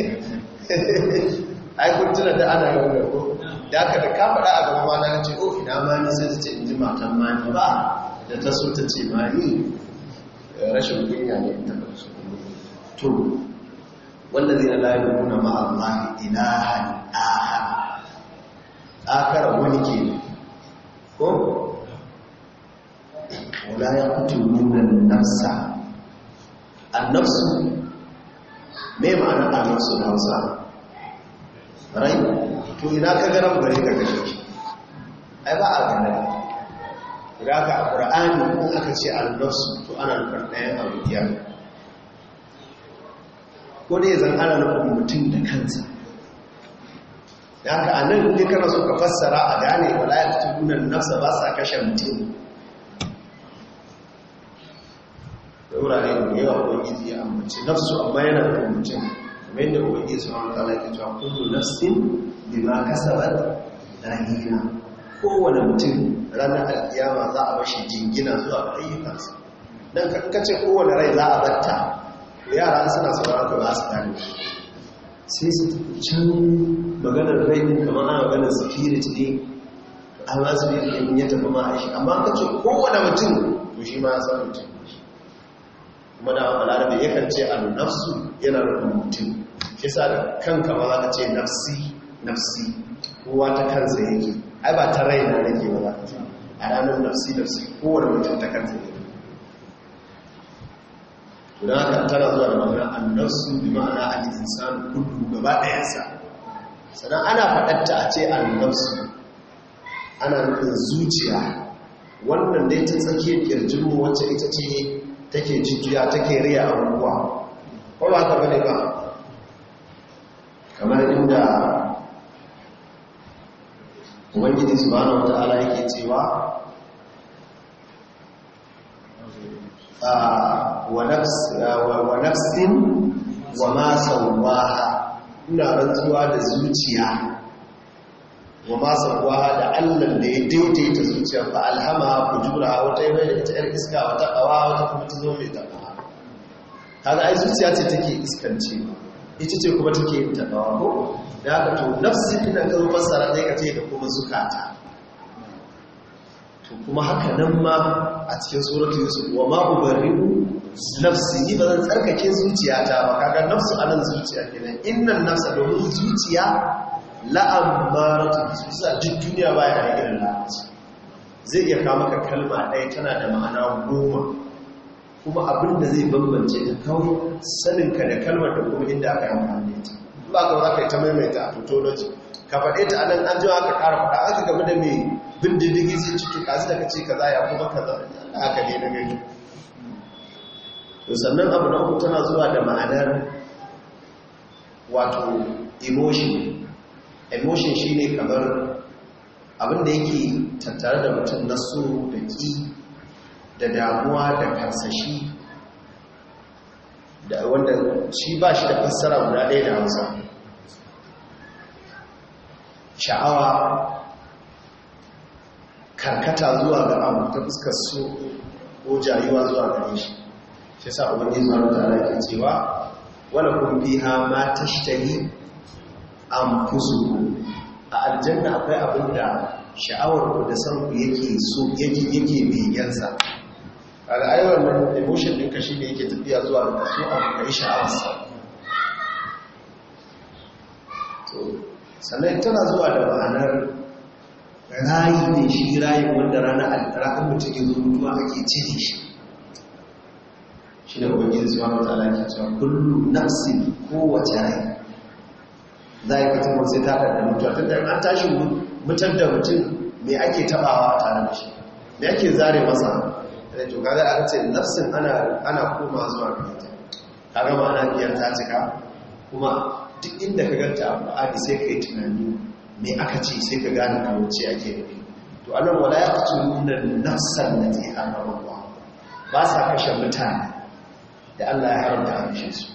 S2: <laughs> ai kun tuna da ana yau da ko da aka da ka faɗa a gaba mana ce o oh, ina ma ni sai ta ce in ji matan mani ba da ta so ta ce ma mani rashin kunya ne ta ƙarshe to wanda zai la da nuna ma'allahi hannu a akara wani ke ko wula ya kutuluna nafsa annafsu me ma'anar annafsu da hausa rai to ina ka garan bare ka gashi ai ba a ganar da aka a ƙura'ani ko aka ce annabsu to ana nufar ɗayan abu biyar ko dai zan ana nufin mutum da kansa da haka a nan inda kana so ka fassara a gane wala ya fito nafsa ba sa kashe mutum da wurare da yawa ubangiji ya ambace nafsu amma yana da mutum kuma yadda ubangiji su wani tsala ke cewa kudu nafsin bi ma da lahina kowane mutum ranar alkiyama za a bashi jingina zuwa ga ayyukansa dan kan kace kowane rai za a batta yara suna saurara ba su gane sai su tafi can maganar rai ɗin kamar ana maganar spirit ne amma su ne in ya tafi ma aishi amma ka ce kowane mutum to shi ma ya san mutum kuma da balarabe yakan ce al nafsu yana rufin mutum shi sa da kanka ma za ka ce nafsi nafsi kowa ta kansa yake ai ba ta raina nake ba za ka ce a ranar nafsi nafsi kowane mutum ta kansa yake da haka tana zuwa da ma'ana annafsu bi ma'ana al-insanu kudu gaba ɗayansa sannan ana faɗatta a ce annafsu ana nufin zuciya wannan dai ta tsakiyar ƙirjin mu wacce ita ce take jijiya take riya a ko ba ta bane ba kamar inda wani ba na wata ala yake cewa wa nafsin wa ma sauwaha ina rantsuwa da zuciya wa ma da Allah da ya daidaita zuciya ba alhama ku jura wata yi da ta yar iska wata kawa wata kuma ta zo mai takawa kaga ai zuciya ce take iskance ita ce kuma take yin takawa ko da haka to nafsi ina ga fassara dai ka ce da kuma zukata kuma haka nan ma a cikin tsoron yusuf wa ma ubarri'u nafsi ni zan tsarkake zuciya ta ba kaga nafsu nan, zuciya kenan innan nafsa domin zuciya la'ammaratu bisa duk duniya baya da irin lalaci zai iya kama ka kalma ɗaya tana da ma'ana goma kuma abinda zai bambance ta kawai ka da kalmar da kuma inda aka yi amfani da ba ka za ka yi ta maimaita a tautology ka faɗe ta anan an jiwa aka ƙara faɗa aka gaba da mai bin diddigin zai cikin kazi daga ce kaza ya kuma kaza haka ne na gani sannan abu na uku tana zuwa da ma'anar wato emotion emotion shi ne kamar abinda yake tattare da mutum na so da ƙi da damuwa da karsashi da wanda shi ba shi da fassara guda ɗaya da hausa sha'awa karkata zuwa ga abu ta fuskar so ko jayuwa zuwa gare shi shi sa ubangiji subhanahu wataala yake cewa wani kumfi ha ma an anfusukum a aljanna akwai abin da sha'awar ku da san yake so yake yake biyansa kaga ai wannan emotion ɗinka ne yake tafiya zuwa ga so abu kai sha'awar to sannan tana zuwa da ma'anar rayi ne shi rayi wanda rana alkara an mutum ya zo mutuwa ake cire shi shi da ubangiji zuwa mutala ke cewa kullu nafsin kowace rai za a yi sai ta haɗa da mutuwa ta da an tashi mutar da mutum me ake tabawa tare da shi me ake zare masa da eh, to kaga an ce nafsin ana ana koma zuwa ga ita kaga gama ana biyar ta cika kuma duk inda ka ganta a ba'adi sai kai tunani me aka ce sai ka gane kawace ake rufi to anan wala ya kace nuna nafsan na ce haramwa ba sa kashe mutane da Allah ya haramta a kashe su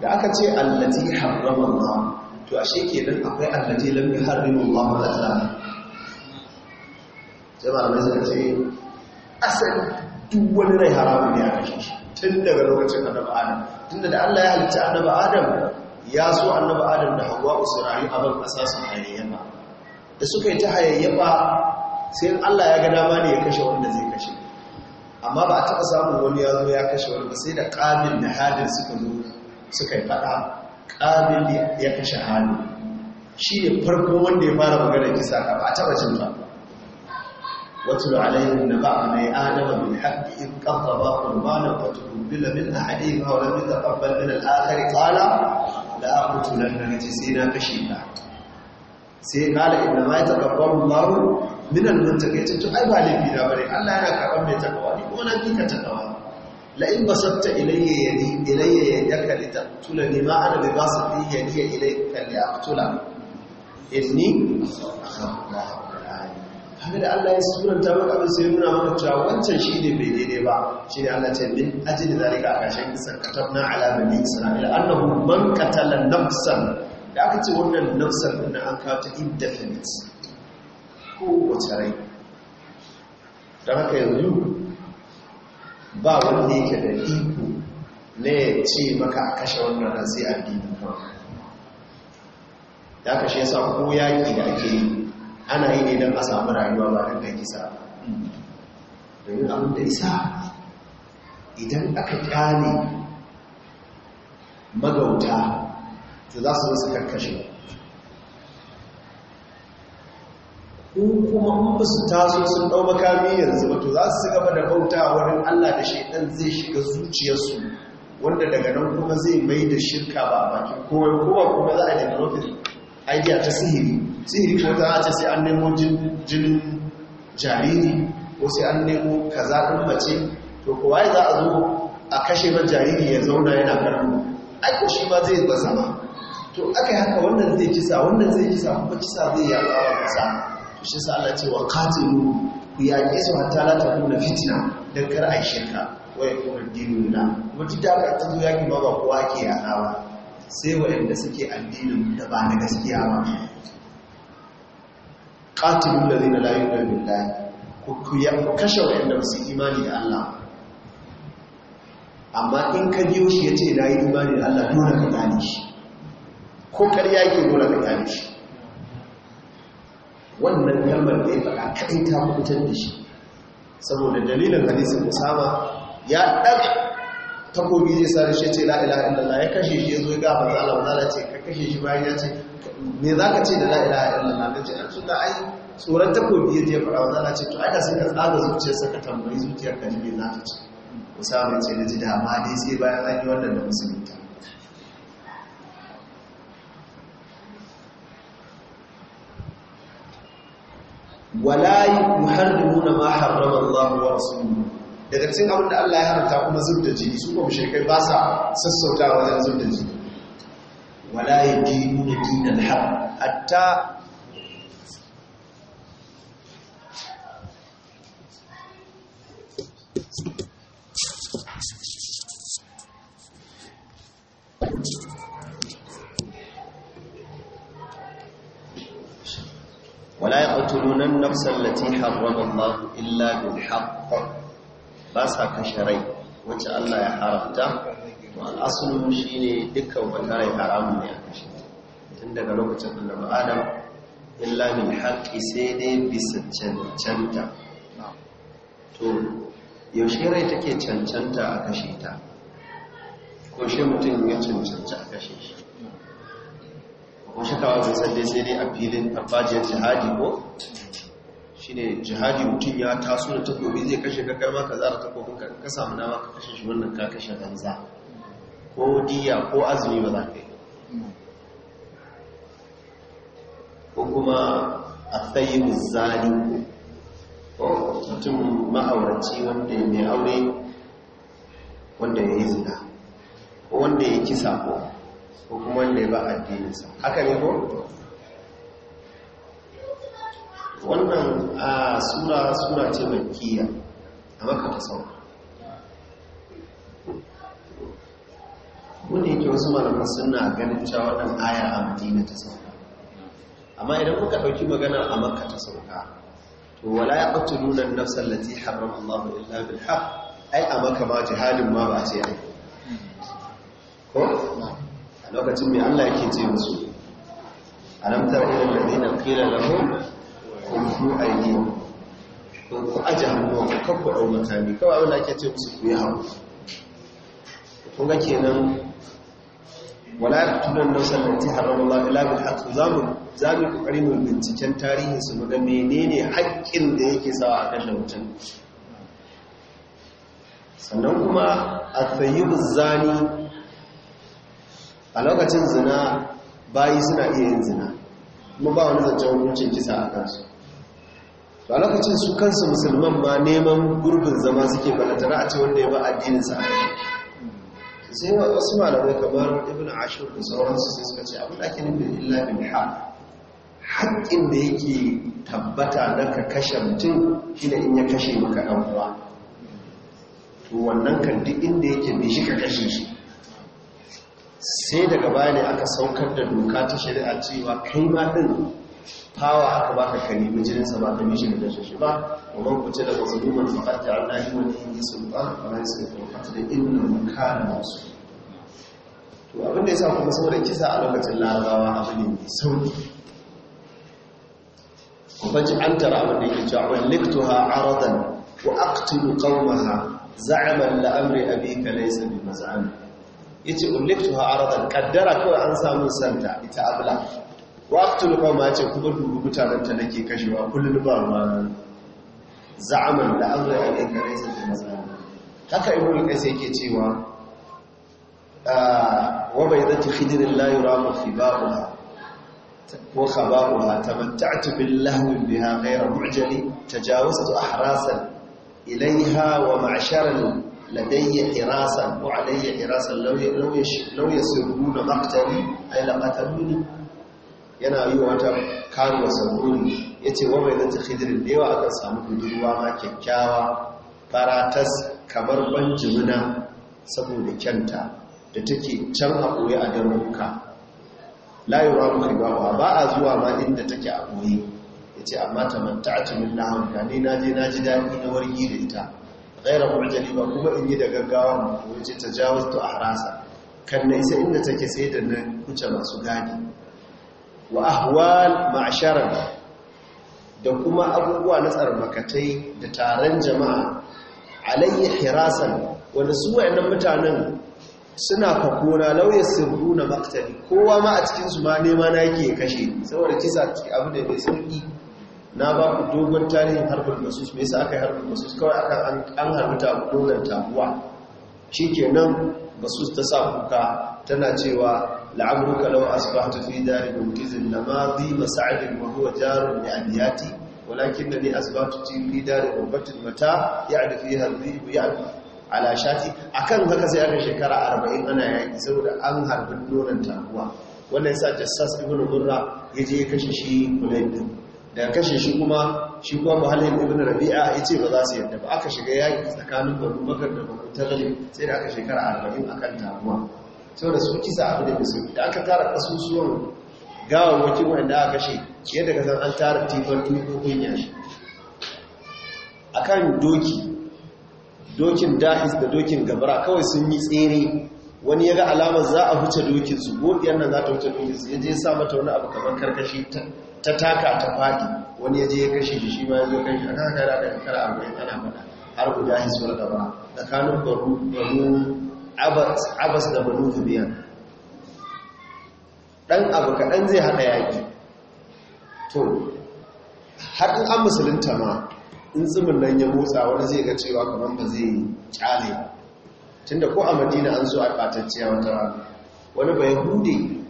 S2: da aka ce allati harrama Allah to ashe kenan akwai allati lam yuharrimu Allah ta'ala jama'a mai zai ce asali duk wani rai haramu ne a kashe shi tun daga lokacin adam Adam tun da Allah ya halitta adam Adam ya so annabi adam da hawa su a ban ƙasa su hayayyafa da suka yi ta hayayyafa sai Allah ya ga dama ne ya kashe wanda zai kashe amma ba a taɓa samun wani ya zo ya kashe wani ba sai da ƙamin da hadin suka zo suka yi faɗa ƙabil ya kashe hali shi ne farko wanda ya fara magana kisa ka ba a taɓa cin ba واتل عليهم نبع بني ادم بالحق da قربا قربانا فتقبل من احدهما ولم يتقبل من الاخر قال da a mutu nan da nace sai na kashe ka sai kala inna ma yataqabbalu Allahu minal muttaqin to ai ba laifi da bare Allah yana karban mai taɓa ni ko na kika takawa la in basatta ilayya yadi ilayya tula ne, ma ana bai ba su kalli a tula ilayka li aqtula inni akhafullah kaga da Allah ya suranta maka abin sai muna maka cewa wancan shi ne bai daidai ba shi ne Allah ce min ajli zalika a kashin kisan katabna ala bani isra'ila annahu man katala nafsan da aka ce wannan nafsan din an kawo ta indefinite ko wace rai dan haka yanzu ba wanda yake da iko ne ce maka a kashe wannan ran sai addini ya kashe sa ko yaki da ake yi ana yi ne don a samu rayuwa ba don kai kisa domin abin da isa idan aka kyale magauta to za su wasu karkashe ko kuma in ba su taso sun ɗau makami yanzu ba to za su gaba da bauta wurin allah da shaidan zai shiga zuciyarsu wanda daga nan kuma zai mai da shirka ba bakin kowai kowa kuma za a yi da a ta sihiri sihiri ko ta ce sai an nemo jinin jariri ko sai an nemo kaza ɗin mace to kowa ya za a zo a kashe ban jariri ya zauna yana karnu aiko shi ba zai ba sama to aka yi haka wannan zai kisa wannan zai kisa kuma kisa zai yaɗa wa kasa to shi sa Allah ce wa qatilu ku ke su hatta la takuna fitina dan kar a yi shirka wai kuma dinu na mutum ta aka yaki ma ba kowa ke yaɗa ba sai waɗanda suke addinin da ba na gaskiya ba da zina layu da billahi ku ku kashe waɗanda ba su imani da Allah amma in ka biyo shi ya ce na yi imani da Allah dole ka gane shi ko ƙarya yake dole ka gane shi wannan kalmar da ya faɗa kaɗai ta fitar da shi saboda dalilin hadisin musama ya ɗaga takobi zai sa shi ce la’ila ilaha illallah ya kashe shi ya zo ga manzo Allah manzo Allah ce ka kashe shi bayan ya ce me ka ce da la’ila ilaha illallah da ce an sunna ai tsoron takobi ya je fara manzo ce to aka da sai ka tsaga zuciyarsa ka tambayi zuciyar ka jibe za ta ce Usama ce na ji dama dai sai bayan an yi wannan da ta wala yuharrimuna ma harrama Allah wa rasuluhu daga cikin abin da Allah ya haramta kuma zub da jini su kuma mushrikai ba sa sassauta wajen zub da jini wala yadinu dinal haq hatta ولا يقتلون النفس التي حرم الله إلا بالحق ba sa kashe rai wacce Allah ya haramta to shi ne dukkan wata rai haramun ne a kashe tun daga lokacin ba Adam illa min haqqi sai dai bisa cancanta to yaushe rai take cancanta a kashe ta ko shi mutum ya cancanta a kashe shi ko shi kawai sai dai a filin farfajiyar jihadi ko ne jihadi mutum ya taso da takobi zai kashe ka kai ma ka zara takobin ka ka samu dama ka kashe shi wannan ka kashe banza ko diya ko azumi ba za ka yi ko kuma a tsayi muzali ko mutum ma'auraci wanda ya mai aure wanda ya yi zina ko wanda ya kisa ko ko kuma wanda ya ba addininsa haka ne ko wannan a sura sura ce makiya a maka ta sauka wanda yake wasu malamar suna ganin cewa wannan aya a madina ta sauka amma idan muka ɗauki magana a maka ta sauka to wala ya ƙatulu nuna nafsar lati haram Allah illa bil haq ai a maka ma jihalin ma ba ce ai ko a lokacin mai Allah yake ce musu alam tara ila alladhina qila lahum ku aini ku aje hannuwan ku kakku ɗau kawai abin da ake ce musu ku yi hau kun ga kenan wala ya tunan da ta haram Allah ila bil haqq zamu zamu kokari mu binciken tarihin su ga menene haƙƙin da yake sawa a kan mutum sannan kuma athayyib zani a lokacin zina bayi suna iya yin zina kuma ba wani zancen hukuncin kisa a kansu a lokacin su kansu musulman ma neman gurbin zama suke balantana a ce wanda ya ba addininsa a sai wasu malamai kamar ibn ashir da sauransu sai suka ce abin da ake nufin illa bin ha haƙƙin da yake tabbata na ka kashe mutum da in ya kashe maka ɗan uwa to wannan kan duk inda yake bai shi ka kashe shi sai daga baya ne aka saukar da doka ta shari'a cewa kai ma ɗin Hawa aka baka ka nemi jininsa ba ka mishi da shi ba wa ban kuce da wasu duban fakata an nahi wani yanki sun ba a bayan sun da inna mukana masu to abin da ya sa kuma saboda kisa a lokacin larabawa abu ne mai
S1: sauki
S2: ku faci an tara abin da yake cewa liktuha aradan wa aqtilu qawmaha za'aman la'amri abika laysa bi maz'am yace uliktuha aradan kaddara kawai an samu santa ita abla waqtul ma ce kuma dubu mutanen ta nake kashewa kullun ba ma za'aman da Allah ya aika raisa da masana haka ibnu sai ke cewa ah, wa bai baydatu khidrin la yuramu fi ba'uha wa khaba'uha tamatta'tu bil lahwi biha ghayra mu'jali tajawaztu ahrasan ilayha wa ma'sharan ladayya hirasan wa alayya hirasan law law yasirruna maqtali ay laqataluni yana yi wa wata karuwa sabuni ya ce wamai zata hidirin da yawa aka samu budurwa ma kyakkyawa faratas kamar ban jimina saboda kyanta da take can a ɓoye a daruka layuwa mafi ba a zuwa ma inda take a ɓoye ya ce amma ta manta a cimin na hanka ne na je na ji daɗi na wargi da ita gaira murjani ba kuma in yi da gaggawa ko ya ce ta jawo ta a harasa kan na isa inda take sai da na kuce masu gadi wa ahwal ma'asharan da kuma abubuwa na tsarmakatai da taron jama'a alayhi hirasan wanda su wayannan mutanen suna fakona lauye sirru na maktali kowa ma a cikinsu ma nema na yake kashe saboda kisa abu da mai sauki na ba ku dogon tarihin harbin masus mai sa aka yi harbin masus kawai aka an harbuta ta dogon tabuwa shi kenan masus ta sa kuka tana cewa لعمرك لو أصبحت في دار منجز لماضي مسعد وهو جار لأبياتي ولكنني أصبحت في دار غربة المتاع يعني فيها الذئب يعني على شاتي أكن هكا سيارة شكرا أربعين أنا يعني سورة أنهر بالنون تقوى wannan yasa jassas ibn murra yaje ya kashe shi kulayb da kashe shi kuma shi kuma muhallin ibn rabi'a yace ba za su yadda ba aka shiga yaki tsakanin banu makar da banu talib sai da aka shekara 40 akan tabuwa saboda su kisa abu da bisu da aka tara kasusuwan wani wanda aka kashe yadda ka san an tara tifar tukukun yashi a kan doki dokin dahis da dokin gabara kawai sun yi tsere wani ya ga alamar za a huce dokin su gobe nan za ta huce dokin su ya je sa mata wani abu kamar karkashi ta taka ta fadi wani ya je ya kashe da shi ma ya zo kan shi a kan kara da kara ya tana mana har ku dahis da gaba tsakanin baru abas da zubiyan ɗan abu kaɗan zai haɗa yaƙi to haɗin an musulunta ma in tsimin nan ya motsa wani zai ga cewa kamar ba zai ƙyale tunda ko a madina an zo a ɓatacciya wata rana wani bai hude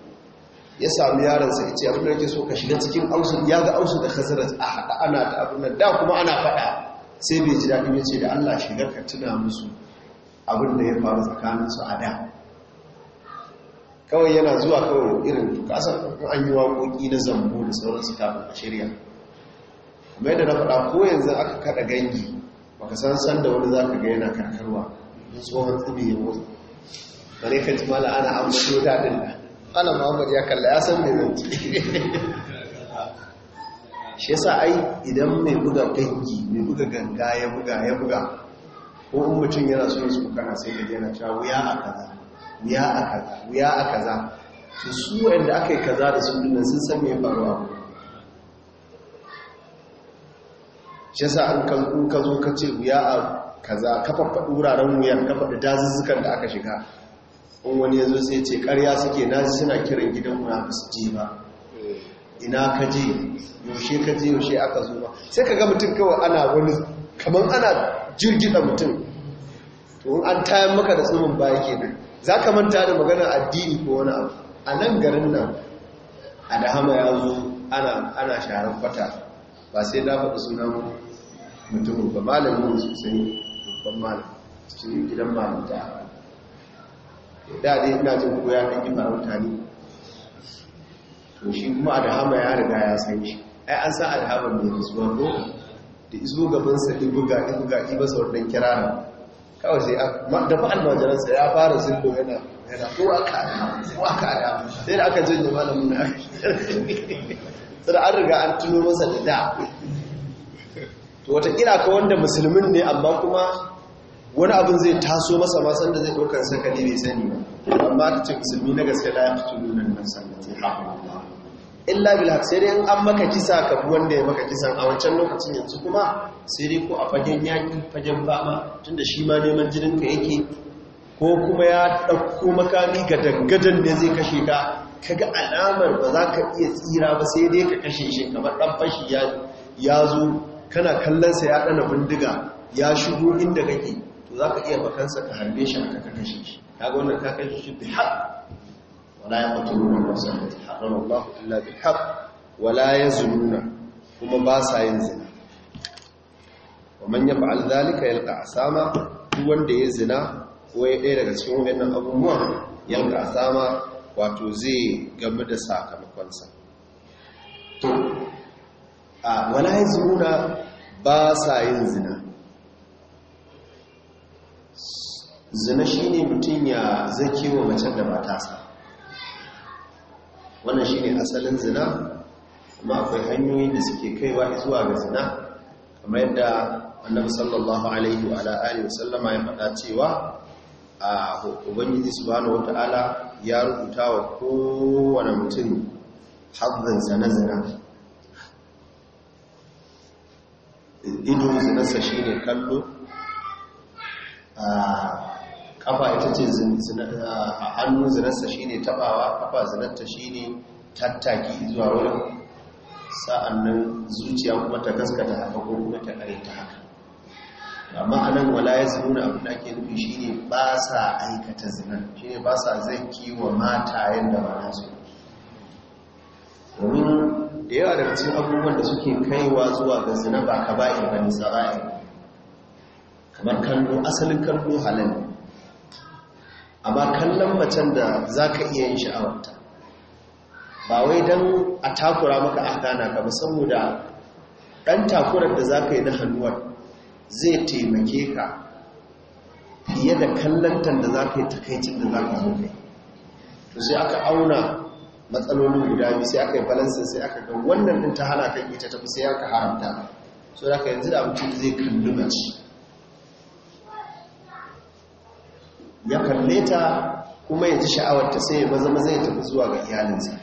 S2: ya sami yaransa ya ce abin da yake so ka shiga cikin ausu, ya ga ausu da khazirat a haɗa ana da abin da kuma ana faɗa sai bai ji daɗin ya ce da allah shiga ka tuna musu abin da ya faru tsakanin su a da kawai yana zuwa kawai irin kasar an yi waƙoƙi na zambo da sauransu kafin a shirya kuma yadda na faɗa ko yanzu aka kaɗa gangi baka san san da wani za ka ga yana karkarwa don tsohon tsibi ya motsa bane kan ji mala ana ambato daɗin da ana muhammad ya kalla ya san mai zanci shi yasa ai idan mai buga gangi mai buga ganga ya buga ya buga ko in mutum yana so su na sai ka yana cewa wuya a kaza wuya a kaza wuya a kaza su su wanda aka yi kaza da su dinnan sun san ya faru a shi yasa an ka zo ka ce wuya a kaza ka faɗi wuraren wuya ka faɗi dazuzzukan da aka shiga in wani ya zo sai ce ƙarya suke na suna kiran gidan wuna ba su je ba ina ka je yaushe ka je yaushe aka zo ba sai ka ga mutum kawai ana wani kamar ana jirgida mutum to an tayan maka da tsumin baya ke nan, za ka manta da maganar addini ko wani abu a nan garin nan a da hama ya zo ana shaharar fata ba sai na faɗi sunan mutumin ba malamin sosai babban su cikin gidan malamta da dai ina jin koya da ɗan mutane. to shi kuma hama ya riga ya san shi ai an san adahama mai rasuwa ko da izo gabansa ba sau ibasa kira na kawai sai da fa almajiransa ya fara zillo yana yana waka ya sai da aka janye mana muna sai da an riga an tuno masa da da to wataƙila ka wanda musulmin ne amma kuma wani abin zai taso masa masan da zai ɗaukar sakali bai sani amma ta ce musulmi na gaske da ya fito nuna nan ta yi haɓa illa bilhaq sai dai an maka kisa ka wanda ya maka kisan a wancan lokacin yanzu kuma sai dai ko a fagen yaki fagen fama tunda shi ma neman jinin ka yake ko kuma ya dauko makami ga dangadan da zai kashe ka kaga alamar ba za ka iya tsira ba sai dai ka kashe shi kamar dan fashi ya zo kana kallon sa ya dana bindiga ya shigo inda kake to za ka iya bakansa ka harbe shi ka kashe shi kaga wannan ka kashe shi bi haƙ ولا يقتلون النفس التي حرم الله الا بالحق ولا يزنون kuma ba sa yin zina wa يلقى fa'al وان ده يزنا هو wanda ya zina ko ya ɗaya daga cikin wannan abubuwan yalqa asama wato zai gaba da sakamakonsa to a wala yazuna ba sa yin zina zina shine mutum ya zake wa macen da matasa wannan shi ne asalin zina kuma akwai hanyoyin da suke kaiwa zuwa ga zina kamar yadda annabi sallallahu alaihi wa alihi sallama ya faɗa cewa a ubangiji subhanahu wata'ala ya rubuta wa kowane mutum haddin zina-zina ido zinarsa shi ne kallo kafa ita ce A hannun zinarsa shi ne tabawa kafa zinarta shi ne tattaki zuwa wurin sa'annan zuciya kuma ta gaskata haka ko kuma ta kare ta haka amma nan wala ya nuna abin da ake nufi shi ne ba sa aikata zinar shi ne ba sa zai kiwa mata yadda ba na su domin da yawa daga cikin abubuwan da suke kaiwa zuwa ga zina ba ka ba'in ba nisa'a'in kamar kallo asalin kallo halal amma kallon macen da za ka iya yin sha'awarta ba wai don a takura maka a gana ka ba saboda ɗan takurar da za ka yi na hannuwar zai taimake ka fiye da kallontan da za ka yi takaicin da za ka zo to sai aka auna matsalolin guda biyu sai aka yi balansin sai aka ga wannan ɗin ta hana kan ita tafi sai aka haramta so da ka yanzu da abincin zai
S1: kalli mace
S2: ya kalle ta kuma ya ji sha'awar ta sai maza maza ya tafi zuwa ga iyalinsa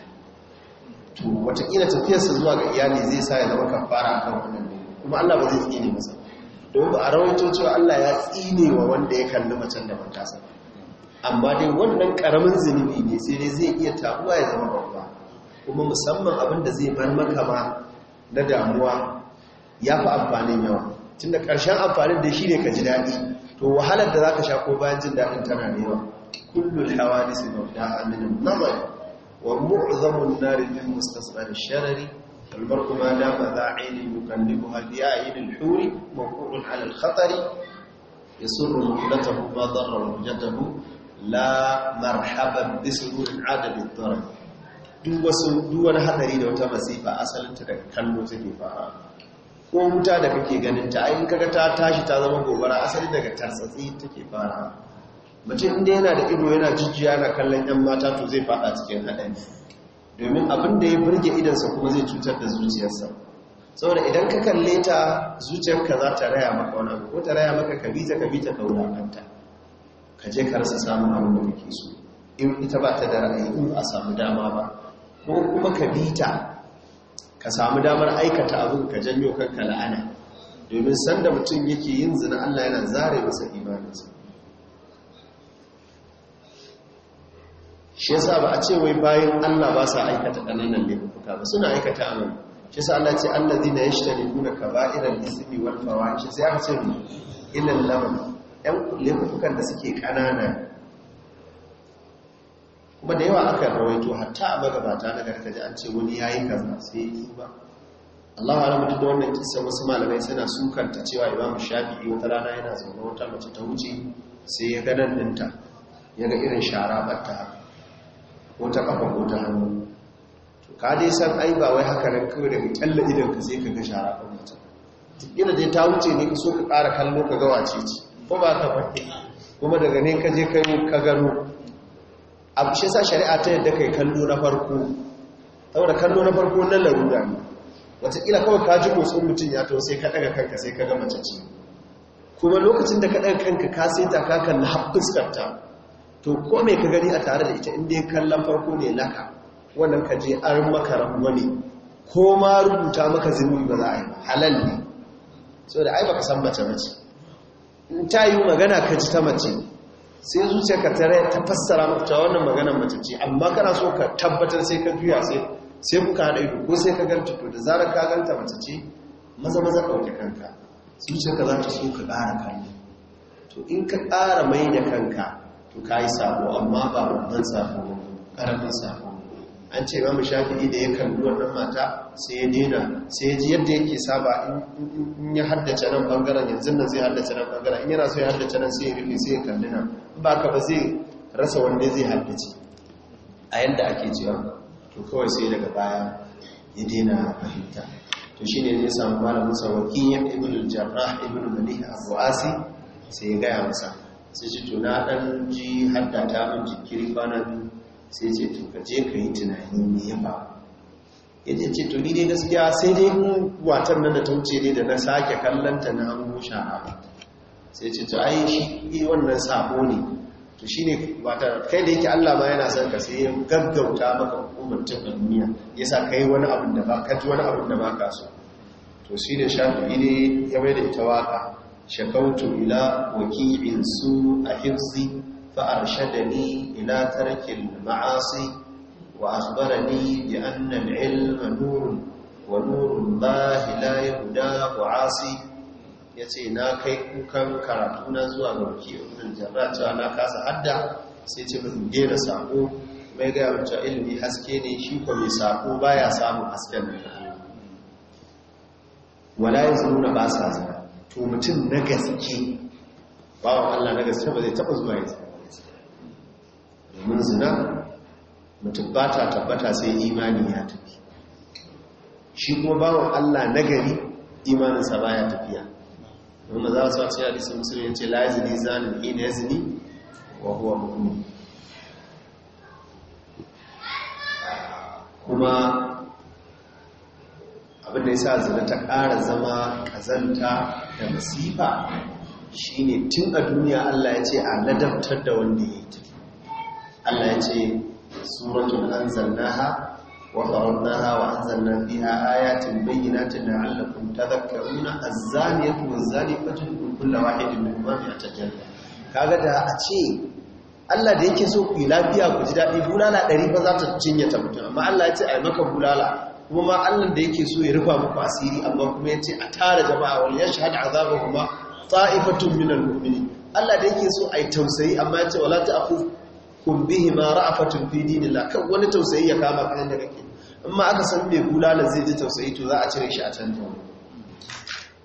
S2: to watakila tafiyarsa zuwa ga iyali zai sa ya zama kafara a kan wannan kuma Allah ba zai tsine masa domin ba a rawaito cewa Allah ya tsine wa wanda ya kalli macen da ban tasa amma dai wannan karamin zunubi ne sai dai zai iya tabuwa ya zama babba kuma musamman abin da zai bar maka ma na damuwa ya fi amfanin yawa Tunda ƙarshen amfanin da shi ne ka ji daɗi to wahalar da zaka sha ko bayan jin dadin tana da yawa kullu hawadis mabda'a min an-nazar wa mu'zamu an-nar lil mustasna ash-sharari المرء ما دام ذا عين يكلبها بأعين الحور موقوع على الخطر يسر مهلته ما ضر وهجته la marhaban bi sururin adadin duk wasu duk wani hadari da wata masifa asalinta da kallo take fara ko wuta da kake ganin ta ayin kaga ta tashi ta zama gobara asali daga tarsatsi take fara
S1: mace inda yana da ido yana
S2: jijjiya na kallon yan mata to zai fada cikin haɗari domin abin da ya burge idansa kuma zai cutar da zuciyarsa saboda idan ka kalle ta zuciyarka za ta raya maka wani abu ko ta raya maka kabita kabita ka wulakanta ka je ka rasa samun abin da kake so in ita ba ta da ra'ayi in a samu dama ba ko kuma ka kabita ka samu damar aikata abin ka janyo kanka la'ana domin sanda mutum yake yin zina Allah yana zare masa imaninsa shi yasa ba a ce wai bayan Allah ba sa aikata kananan laifuka ba suna aikata amin shi yasa Allah ce allah zina ya ba irin kaba'iral ismi wal fawahish sai aka ce ilan lamal yan laifukan da suke kanana kuma da yawa aka rawaito hatta a magabata daga kaji an ce wani yayi kaza sai ya tuba Allah ya rubuta da wannan kisa wasu malamai suna sukanta cewa Imam Shafi'i wata rana yana zaune wata mace ta wuce sai ya ga nan dinta ya ga irin shara batta wata kafa ko ta hannu to ka dai san ai ba wai haka ne kawai daga kyalla idan ka sai ka ga shara kan mace ina dai ta wuce ne ka so ka ƙara kallo ka ga wace ce ko ba ka faɗi kuma daga ne ka je kai ka gano abu shi sa shari'a ta yadda kai kallo na farko saboda kallo na farko na larura ne wataƙila kawai ka ji motsin mutum ya tausai ka ɗaga kanka sai ka ga mace ce kuma lokacin da ka ɗaga kanka ka sai ta ka na fuskarta to ko mai ka gani a tare da ita inda ya kallon farko ne laka wannan ka je an maka ramuwa ne ko ma rubuta maka zunubi ba za a yi halal ne so da ai baka san mace mace in ta yi magana ka ji ta mace sai zuciya ka tare ta fassara mata wannan maganar mace amma kana so ka tabbatar sai ka juya sai sai ku haɗa ido ko sai ka ganta to da zarar ka ganta mace maza maza ɗauke kanka zuciyarka za ta so ka ƙara kanka, to in ka ƙara mai da kanka to ka yi sabo amma ba babban sabo ƙaramin sabo an ce ba mu shafi'i da ya kalli wannan mata sai ya dena sai ya ji yadda yake saba in ya haddace nan bangaren yanzu nan zai haddace nan bangaren in yana so ya haddace nan sai ya rufe sai ya kalli nan ba ka ba zai rasa wanda zai haddace a yadda ake cewa to kawai sai daga baya ya dena fahimta to shi ne zai samu malamin wakil ya ibn al-jarrah ibn a buwasi sai ya gaya masa sai shi to na ji haddata min jikiri kwana sai ce to ka je ka yi tunani me ya ya ce ce to ni dai gaskiya sai dai watan nan da ta wuce ne da na sake kallanta na hango sha'a sai ce to ai shi eh, wannan sabo ne to shi ne watan kai da yake Allah ma yana son ka sai ya gaggauta maka hukumar ta duniya ya sa kai wani abin da ba ka ji wani abin da ba ka so to shi da shafi ne ya mai da ita waka shakautu ila wakilin su a hirsi فأرشدني إلى ترك المعاصي وأخبرني بأن العلم نور ونور الله لا يهداه عاصي yace na kai kukan karatu na zuwa ga wakil ibn jarrah cewa na kasa hadda sai ce mun gera sako mai gaya yawanci ilimi haske ne shi ko mai sako ya samun hasken nan wala yazuna ba sa zina to mutum na gaske bawan Allah na gaske ba zai taɓa zuwa yanzu domin zina mutum ba ta tabbata sai imani ya tafi shi kuma bawan Allah nagari imaninsa ba ya tafiya domin za su wace hadisi musulun ce la zini zanin ina ya zini wa huwa mummi kuma abinda ya sa zina ta ƙara zama ƙazanta da masifa shi ne tun a duniya Allah ya ce a ladabtar da wanda ya yi Allah ya ce suratul anzalnaha wa faradnaha wa anzalna fiha ayatin bayyinatin la'allakum tadhakkaruna az-zaniyatu waz-zani fajru kullu wahidin minhuma mi'ata jalda kaga da a ce Allah da yake so ku yi lafiya ku ji daɗi bulala ɗari ba za ta cinye ta mutum amma Allah ya ce ai maka bulala kuma ma Allah da yake so ya rufa muku asiri amma kuma ya ce a tara jama'a wal yashhad azabuhuma azaba ta'ifatun minal mu'minin Allah da yake so ai tausayi amma ya ce wala ta'khuf kun bihi ma ra'afatun fi dinillah kan wani tausayi ya kama kan da kake amma aka san mai da zai ji tausayi to za a cire shi a can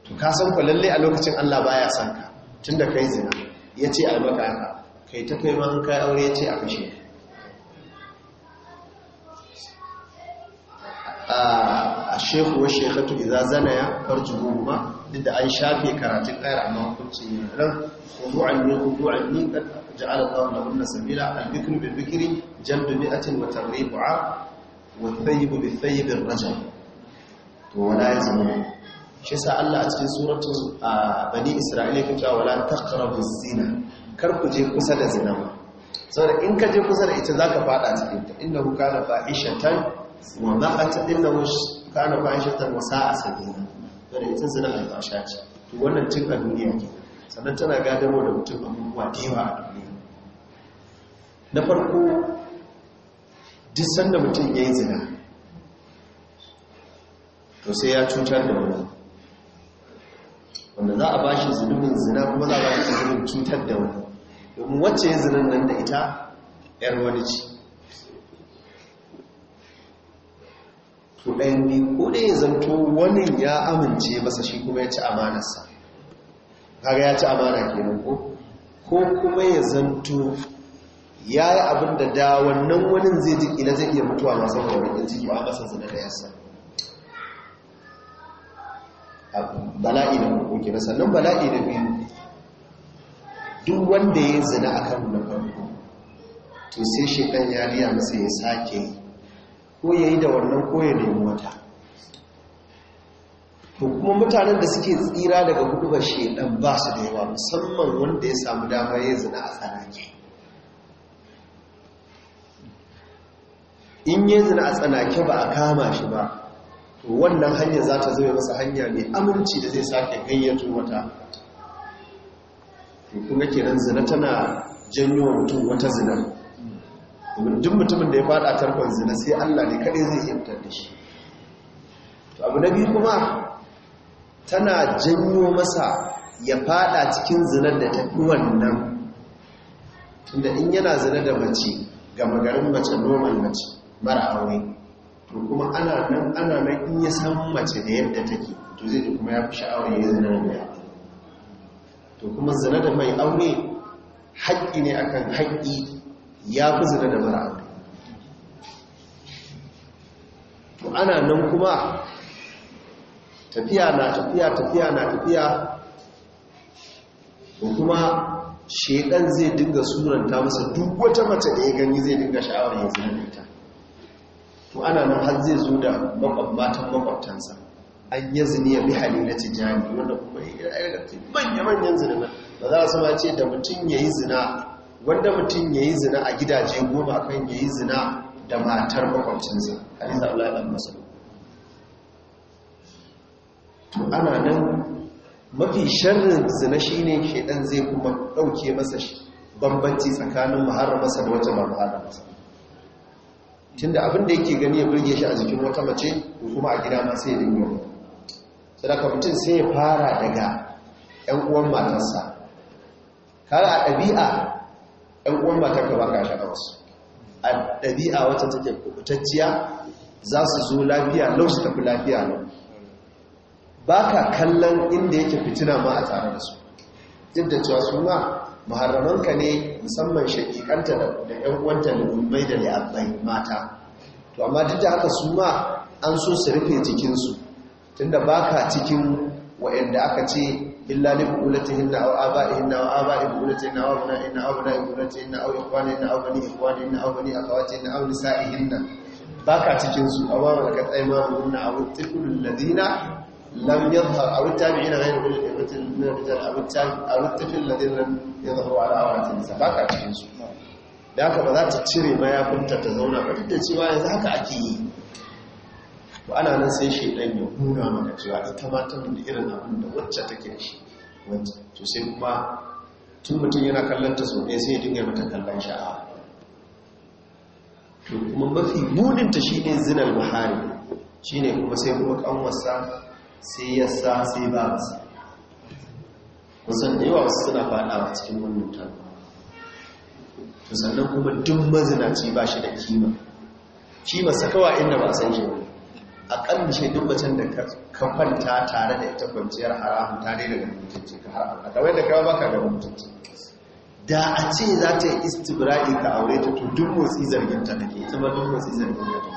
S2: to ka san ku a lokacin Allah baya san ka tunda kai zina yace ai maka ka. kai ta kai ma man kai aure yace a kashe a shehu wa shekhatu idza zanaya ma duk da an shafe karatun ayar amma hukuncin yana ran wudu'an ni wudu'an ni ja'ala Allahu lahunna sabila al-bikru bil bikri jaldu mi'atin wa tarribu wa thayyibu bil thayyib ar to wala yazmu shi sa Allah a cikin suratul bani isra'ila yake cewa wala taqrabu zina kar ku je kusa da zina ba in ka je kusa da ita zaka fada cikin ta innahu kana wa ce to wannan cin a duniya sannan tana gadarwa da mutum abubuwa da yawa a duniya na farko duk sanda mutum ya yi zina to sai ya cutar da wani wanda za a ba shi zina kuma za a ba shi cutar da wani domin wacce ya zinan nan da ita 'yar wani ce to ɗan ne ko ɗaya zanto wani ya amince masa shi kuma ya ci amanarsa kaga ya ci amana kenan ko ko kuma ya zanto ya yi abin da da wannan wani zai ji ila zai iya mutuwa masu da wani ciki ba a masa zina da yasa bala'i da farko kenan sannan bala'i da biyu duk wanda ya zina a kan na farko to sai shekan ya riya masa ya sake ko ya yi da wannan ko ya nemi wata to kuma mutanen da suke tsira daga gudubar shedan ba su da yawa musamman wanda ya samu damar ya zina a tsanake in ya zina a tsanake ba a kama shi ba to wannan hanya za ta zama masa hanya mai aminci da zai sake gayyato wata to kuma nan zina tana janyo mutum wata zina domin duk mutumin da ya fada tarkon zina sai Allah ne kaɗai zai yi da shi abu na biyu kuma tana janyo masa ya fada cikin zinar da tafi wannan tunda in yana zina da mace ga magarin mace normal mace mara aure to kuma ana nan ana nan in ya san mace da yadda take to zai kuma ya fi sha'awar ya zina da mai to kuma zina da mai aure haƙƙi ne akan haƙƙi ya fi zina da mara aure to ana nan kuma tafiya na tafiya tafiya na tafiya kuma shedan zai dinga suranta masa duk wata mace da ya gani zai dinga sha'awar ya zina da ita to ana nan har zai zo da mabambatan makwabtansa an yi zini ya bi ci tijani wanda kuma ya yi manya-manyan zina ba za su ma ce da mutum ya yi zina wanda mutum ya yi zina a gidaje goma kan ya yi zina da matar makwabcinsa a Allah ya masu to ana nan mafi sharrin zina shi ne shaidan zai kuma ɗauke masa bambanci tsakanin masa da wata maharamarsa tun da abin da yake gani ya birge shi a jikin wata mace kuma a gida masu yi dinga wata sadaka mutum sai ya fara daga 'yan uwan matarsa kare a ɗabi'a 'yan uwan matar ka baka wasu a ɗabi'a wata take kubutacciya za su zo lafiya lau su tafi lafiya lau ba ka kallon inda yake fitina ma a tsara da su duk da cewa su ma maharamanka ne musamman shakikanta da ‘yan uwanta da gumbai da yabai mata to amma duk da haka su ma an so su rufe jikinsu tunda ba ka cikin wa'anda aka ce illa li bulatihinna hinna aba'ihinna aw hinna bulatihinna na abna'ihinna aw na bulatihinna aw ikhwanihinna aw bani ikhwanihinna aw bani akhawatihinna aw Ba ka cikin su aw ma a aymanuhunna aw tilkul ladina لم يظهر أو التابعين غير من الرجال أو أو الطفل الذين لم يظهروا على عورات النساء باكا cikin su da haka ba za ta cire mayafinta ta zauna ba duk da cewa yanzu haka ake yi to ana nan sai shedan ya nuna mana cewa ita ma ta irin abin da wacce take shi wacce to kuma tun mutum yana kallon ta sau ɗaya sai ya dinga mata kallon sha'a to kuma mafi burinta shi ne zinar buhari shi ne kuma sai kuma kanwarsa sai ya sa sai ba su musan da yawa suna a cikin wannan tarko to sannan kuma duk mazinaci ba shi da kima kima sakawa inda ba san shi a kan shi duk macen da ka kwanta tare da ita kwanciyar haramun ta daina da mutunci ka haramun a kawai da kawai baka daga mutunci da a ce za ta yi istibra'i ka aure ta to duk motsi zargin ta ke ita ba duk motsi zargin ta da ke,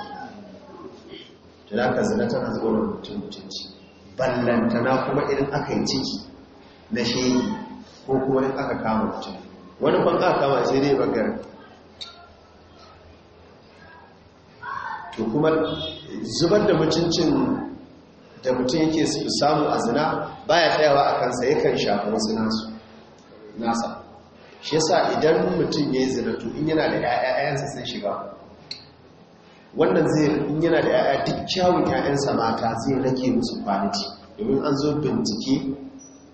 S2: to da ka zina tana zuwa mutunci ballantana kuma irin aka yi ciki na shegi ko kuma idan aka kama mutum wani ban aka kama sai dai bagaren to kuma zubar da mutuncin da mutum yake samu a zina ba ya tsayawa a kansa kan shafi wasu nasu nasa shi yasa idan mutum ya yi zina to in yana da 'ya'ya'yansa sun shiga wannan zai in yana da yaya duk kyawun yayansa mata zai rage musu kwanaki domin an zo bincike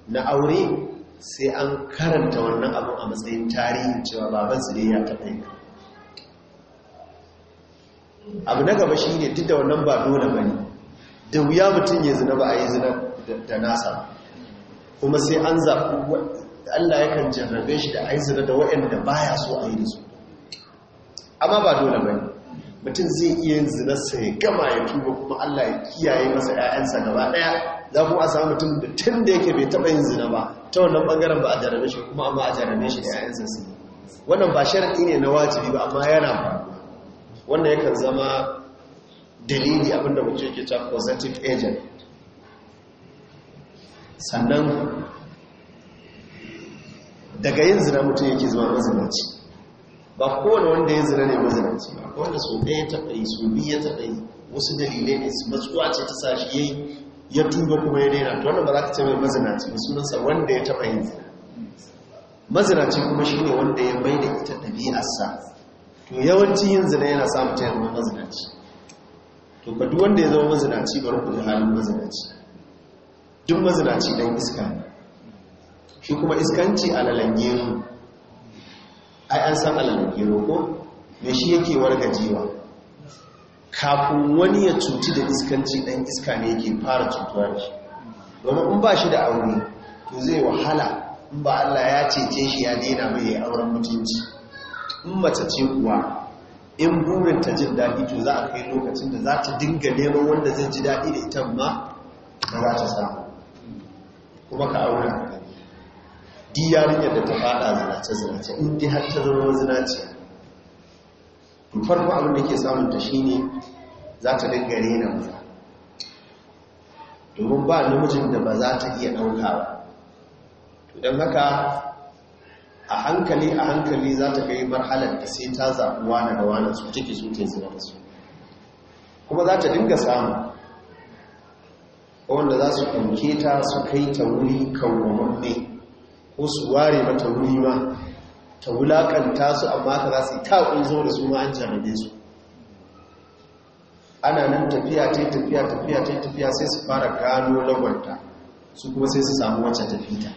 S2: na aure sai an karanta wannan abu a matsayin tarihin cewa su ne ya taɓa yi abu na gaba shi ne duk da wannan ba dole ba ne da wuya mutum ya zina ba a yi zina da nasa kuma sai an zaɓi allah ya kan jarrabe shi da a yi zina da waɗanda ba ya so a yi da su amma ba dole ba ne mutum zai iya yin zinarsa ya gama ya tuba kuma Allah ya kiyaye masa ‘ya'yansa gaba ɗaya za kuma a samu mutum da tun da yake bai taɓa yin zina ba ta wannan ɓangaren ba a jarabe shi kuma amma a jarabe shi da ‘ya'yansa su wannan ba sharaɗi ne na wajibi ba amma yana ba wannan yakan zama dalili abinda mutum yake ta positive agent sannan daga yin zina mutum yake zama mazinaci ba kowane wanda ya zina ne mazinaci ba wanda sau ɗaya ta ɗai sau biyu ya ta ɗai wasu dalilai ne su matsuwa ce ta sashi ya yi ya tuba kuma ya daina to wanda ba za ka ce mai mazinaci ba sunansa wanda ya taɓa yin zina mazinaci kuma shi ne wanda ya bai da ita ɗabi'arsa to yawanci yin zina yana samun ta yamma mazinaci to ka duk wanda ya zama mazinaci bari ku ji halin mazinaci duk mazinaci don iska ne shi kuma iskanci a lalange mu ai an san gero ko me shi yake jiwa kafin wani ya cuci da iskanci dan iska ne yake fara cutuwa shi domin in ba shi da aure to zai wahala in ba Allah ya cece shi ya daina mai auren mutunci in mace ce kuwa in burin ta jin daɗi to za a kai lokacin da za ta dinga neman wanda zai ji daɗi da ita ma ba za ta samu kuma ka aure. di da ta fada zinace-zinace in di har ta zama zinace farko abin da ke samunta shi ne za ta dangare na maza domin ba namijin da ba za ta iya ɗauka ba don haka a hankali a hankali za ta kai marhalar da sai ta zaɓi na da wani su take su ke zina da su kuma za ta dinga samu wanda za su kunke ta su kai ta wuri kawwamamme ko su ware mata wuri ma ta wulakanta su amma ka za su yi taƙun zo da su ma an jarabe su ana nan tafiya ce tafiya tafiya ce tafiya sai su fara gano lagwanta su kuma sai su samu wacce tafita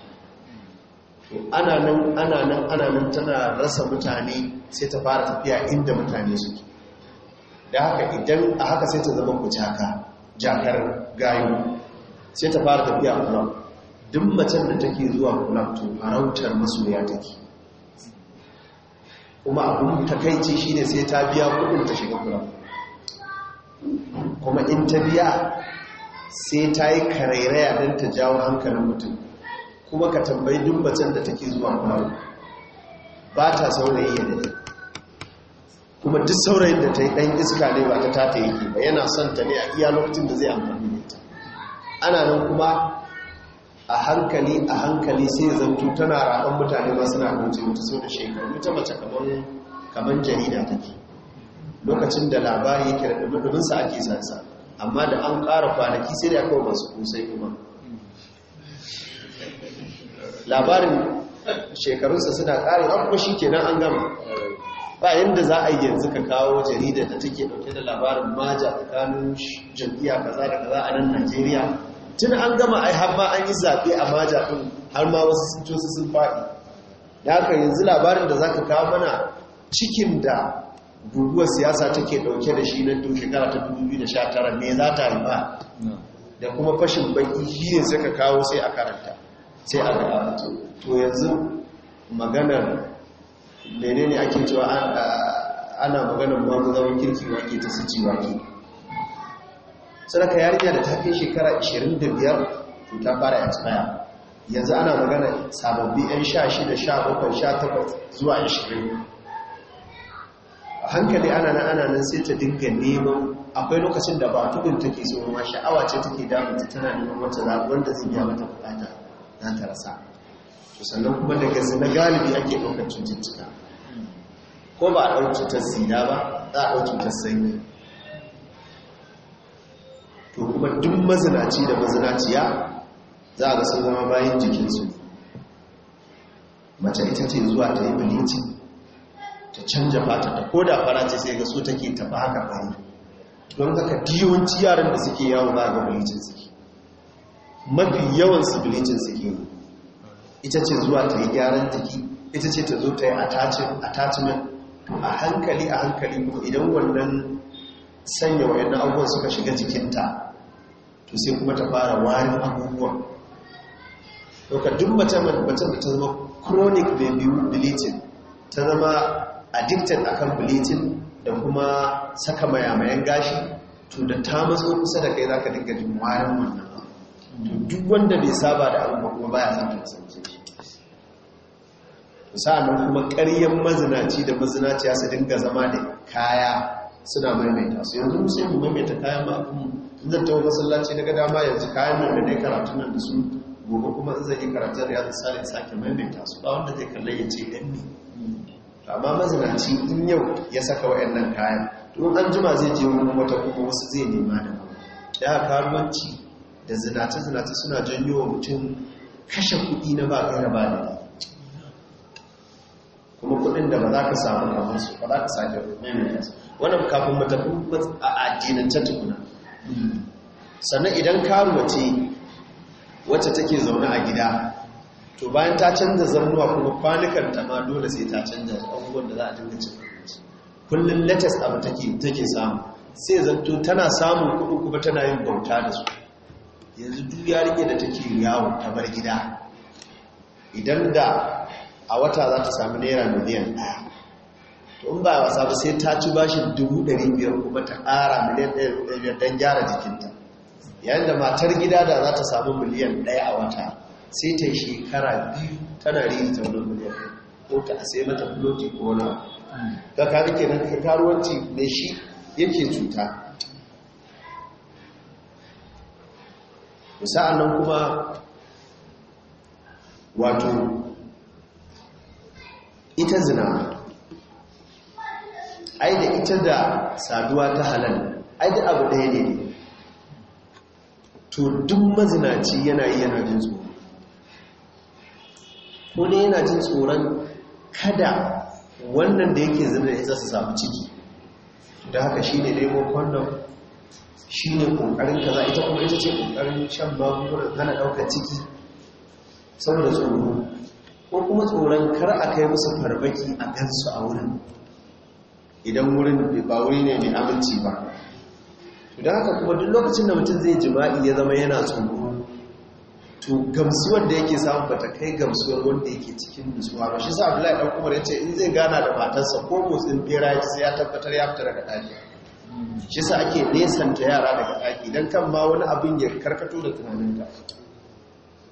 S2: to ana nan ana nan ana nan tana rasa mutane sai ta fara tafiya inda mutane suke da haka idan a haka sai ta zama kucaka jakar gayu sai ta fara tafiya kuma duk macen da take zuwa club to farautar masoya take kuma abin takaici ne sai ta biya kudin ta shiga club kuma in ta biya sai ta yi karairaya don ta jawo hankalin mutum kuma ka tambayi duk macen da take zuwa club ba ta saurayi ya ne kuma duk saurayin da ta yi ɗan iska ne ba ta tata yake ba yana son ta ne a iya lokacin da zai amfani da ita ana nan kuma a hankali a hankali sai zantu tana raɗan mutane ba suna goce mutu sau da shekaru ta mace kamar jarida take lokacin da labari yake da ɗumin ake sansa amma da an ƙara kwanaki sai da ya kawo masu kusai kuma labarin shekarunsa suna ƙari an kuma shi kenan an gama ba yadda za a yi yanzu ka kawo jarida da take ɗauke da labarin maja tsakanin jam'iyya kaza da kaza a nan najeriya tun an gama ai har ma an yi zaɓe a maja ɗin har ma wasu sun sun faɗi ya ka yanzu labarin da za ka kawo mana cikin da guguwar siyasa take ɗauke da shi na tun shekara ta 2019 me za ta haifa da kuma fashin baki shi ne suka kawo sai a karanta sai a ga to yanzu maganar menene ake cewa ana maganar maguzawan kirki wake ta su ci wake sadaka yarinya da ta kai shekara 25 to ta fara tsaya yanzu ana magana sababbi 'yan 16 17 18 zuwa 20 a hankali ana nan ana nan sai ta dinga neman akwai lokacin da ba tukun take so ma sha'awa ce take damunta tana neman zaɓen da zai biya mata bukata na ta rasa sannan kuma daga zina galibi ake ɗaukar cututtuka ko ba a ɗaukacin cutar sida ba za a ɗaukacin cutar sanyi to kuma duk mazinaci da mazinaciya za a ga sun zama bayan jikinsu mace ita ce zuwa ta yi bilici ta canja fata ta koda fara ce sai ga so take taba haka bayi don haka diyawanci yaran da suke yawon za ga bilicin suke mafi yawan su bilicin suke yi ita ce zuwa ta yi gyaran jiki ita ce ta zo ta yi attachment a hankali a hankali idan wannan sanya wa yadda abubuwan suka shiga jikinta to sai kuma ta fara wani abubuwa ɗauka duk mace da ta zama chronic bleeding ta zama addicted akan bleeding da kuma saka mayamayan gashi to da ta matso kusa da kai za ka dinga jin wani wannan to duk wanda bai saba da abubuwa kuma baya san ta kasance shi sa'annan kuma karyar mazinaci da mazinaci ya su dinga zama da kaya suna maimaita su yanzu mu sai maimaita kayan ba abin in zan tawo masallaci daga dama yanzu kayan nan da dai karatu nan da su gobe kuma in zai yi karatun riyadu salin sake maimaita su ba wanda zai kalle ya ce dan ne amma mazinaci in yau ya saka wayannan kayan to an jima zai je wani wata kuma wasu zai nema da ya karuwanci da zinace-zinace suna janyo wa mutum kashe kuɗi na ba kai na ba da kuma kudin da ba za ka samu kamar su ba za ka sake maimaita su wannan kafin mu tafi a ta tukuna sannan idan karuwa ce wacce take zaune a gida to bayan ta canza zarnuwa kuma kwanukan ta ma dole sai ta canza abubuwan da za a dinga cin abinci kullum latest abu take take samu sai zanto tana samun kuɗi kuma tana yin bauta da su yanzu duk yarinya da take yawo ta bar gida idan da a wata za ta samu naira miliyan ɗaya in ba wasa ba sai ta ci bashi dubu dari biyar kuma ta ƙara miliyan ɗaya don gyara jikinta yayin da matar gida da za ta samu miliyan ɗaya a wata sai ta yi shekara biyu tana rini ta wani miliyan ko ta sai mata filoti ko na ga kare ke nan ka karuwanci mai shi yake cuta sa'an nan kuma wato ita zina ai da ita da saduwa ta halal ai da abu ɗaya ne to duk mazinaci yana yi yana jin tsoro ko ne yana jin tsoron kada wannan da yake zina da ita su samu ciki da haka shi ne nemo kwandon shi ne ƙoƙarin kaza ita kuma ita ce ƙoƙarin shan magungunan hana ɗaukar ciki saboda tsoro ko kuma tsoron kar a kai musu farbaki a gansu a wurin idan wurin ba wuri ne mai aminci ba da haka kuma duk lokacin da mutum zai jima'i ya zama yana tsoro to gamsuwar da yake samu bata kai gamsuwar wanda yake cikin nutsuwa ba shi sa Abdullahi dan Umar yace in zai gana da matarsa ko motsin ya sai ya tabbatar ya fita daga ɗaki shi sa ake nesanta yara daga daki dan kan ma wani abin ya karkato da tunaninka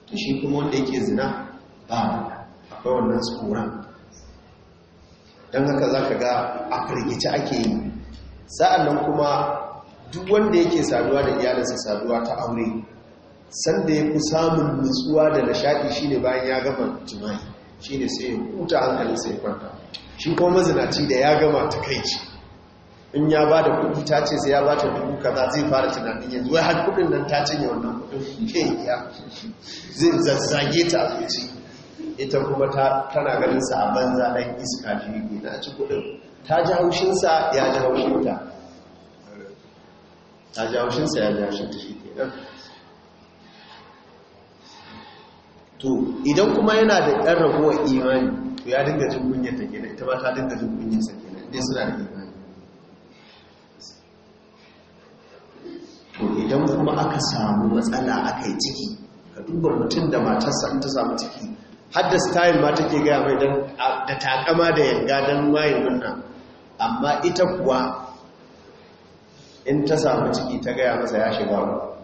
S2: to shi kuma wanda yake zina ba akwai wannan tsoron don haka za ka ga a firgice ake yi nan kuma duk wanda yake saduwa da iyalinsa saduwa ta aure sanda ya fi samun nutsuwa da nishaɗi ne bayan ya gama jima'i ne sai ya huta hankalinsa ya kwanta shi kuma mazinaci da ya gama ta kai ci in ya ba da kuɗi ta ce sai ya ba ta dubu kaza zai fara tunanin yanzu wai har kuɗin nan ta cinye wannan kuɗin <laughs> zai zazzage ta a ita kuma tana ganin sa a banza ɗan iska jirgi na ci kudin ta ji haushinsa ya ji haushinta ta ji haushinsa ya ji haushinta shi ke to idan kuma yana da ɗan ragowar imani to ya dinga jin kunyar ta kenan ita ba ta dinga jin kunyar sa kenan dai suna da imani to idan kuma aka samu matsala aka yi ciki ka duba mutum da matarsa in ta samu ciki hadda style ma take gaya mai don da takama da yanga don mayin nuna amma ita kuwa in ta samu ciki ta gaya masa ya shiga wa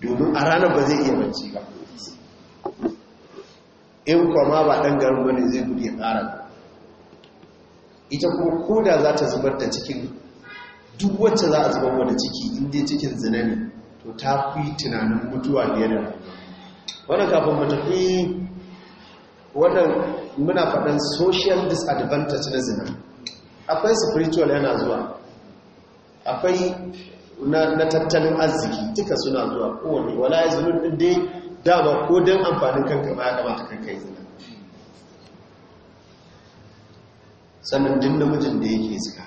S2: domin a ranar ba zai iya bacci ba in kwama ba ɗan garin wani zai gudu ya ƙara ita kuma koda za ta zubar da cikin duk wacce za a zubar da ciki inda cikin zinani to ta fi tunanin mutuwa fiye da rayuwa wannan kafin mu tafi wannan muna faɗin social disadvantage na zina akwai spiritual yana zuwa akwai na tattalin arziki duka suna zuwa kowane wala ya zunun ɗin dai dama ko don amfanin kanka ba ya kamata kanka yi zina sannan din namijin da yake zina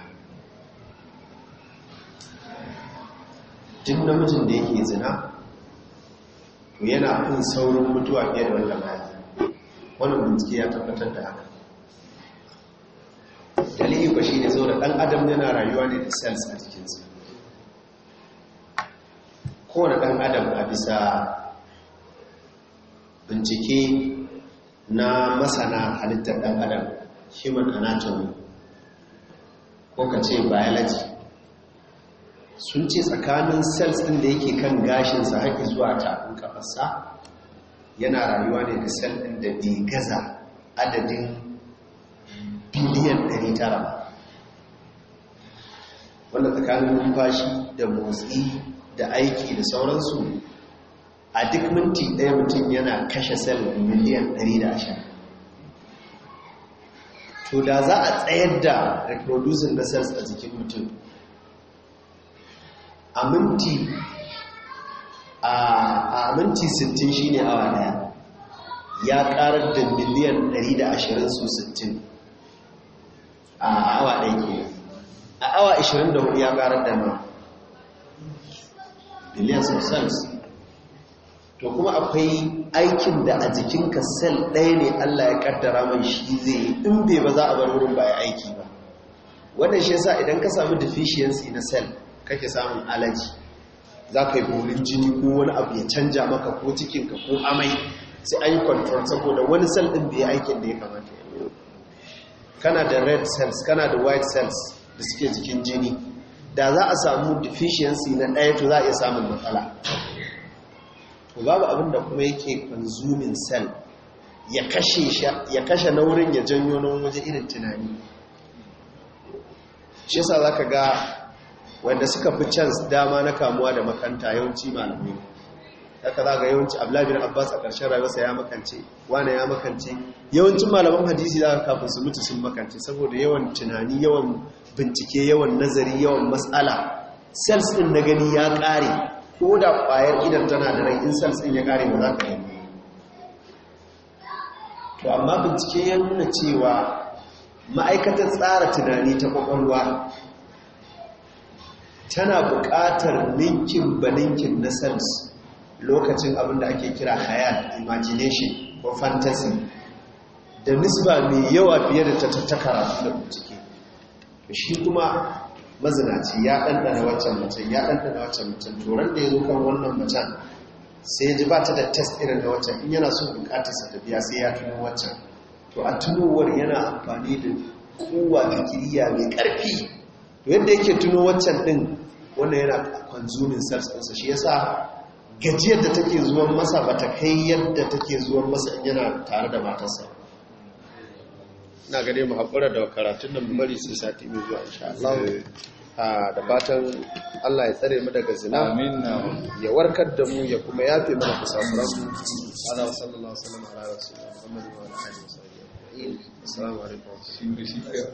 S2: din namijin da yake zina to yana kun saurin mutuwa fiye da wanda baya wannan bincike ya tabbatar da haka dalili ba shi ne da ɗan adam yana rayuwa ne da cells a jikinsa kowane ɗan adam a bisa bincike na masana halittar ɗan adam human anatomy ko ka ce biology sun ce tsakanin cells ɗin da yake kan gashinsa haƙi zuwa tafin kafarsa yana rayuwa ne da cell ɗin da bai gaza adadin biliyan 900 wanda tsakanin numfashi da motsi da aiki da sauransu a duk minti ɗaya mutum yana kashe sel miliyan 100 to da za a tsayar da reproducing na cells a jikin mutum a minti a minti 60 shine awa daya ya karar da miliyan 120 su 60 a awa daya ke a awa 24 ya karar da ma miliyan substance to kuma akwai aikin da a jikinka sel ɗaya ne Allah ya kaddara mai shi zai yi in bai ba za a bar wurin ba ya aiki ba wannan shi yasa idan ka samu deficiency na sel kake samun alaji za ka yi bolin jini ko wani abu ya canja maka ko cikinka ko amai sai an yi saboda wani sel ɗin da ya aikin da ya kamata kana da red cells kana da white cells da suke jikin jini da za a samu deficiency na ɗaya to za a iya samun matsala to babu abin da kuma yake kwanzumin cell ya kashe na wurin ya janyo na wajen irin tunani shi yasa za ka ga wanda suka fi chance dama na kamuwa da makanta yawanci malamai haka za ga yawanci ablabin abbas a ƙarshen rayuwarsa ya makance wane ya makance yawancin malaman hadisi za ka kafin su mutu sun makance saboda yawan tunani yawan bincike yawan nazari yawan matsala sels din na gani ya ƙare ko da ƙwayar idan tana da rai in sels din ya ƙare ba za ka yi to amma bincike ya nuna cewa ma'aikatar tsara tunani ta ƙwaƙwalwa tana buƙatar ninkin ba ninkin na sense lokacin abin da ake kira hayal imagination ko fantasy da nisba mai yawa fiye da ta tattakara da bincike shi kuma mazinaci ya ɗanɗana waccan mutum ya ɗanɗana waccan mutum turan da ya zo kan wannan mutum sai ji ba ta da test irin da waccan in yana son bukatarsa ta biya sai ya tuno waccan to a tunowar yana amfani da kowa fikiriya mai ƙarfi yadda yake tuno waccan din wannan yana kwanzumin sarsansa ɗinsa shi yasa gajiyar da take zuwan masa ba ta kai yadda take zuwan masa in yana tare da matarsa na gane mu haƙura da karatun nan bari sai sati mai zuwa insha Allah eh. ah, da fatan Allah ya tsare mu daga zina ya warkar da mu ya kuma yafe mana kusafuran mu sallallahu alaihi wa sallam ala rasulillah Muhammad wa alihi wa sahbihi assalamu alaikum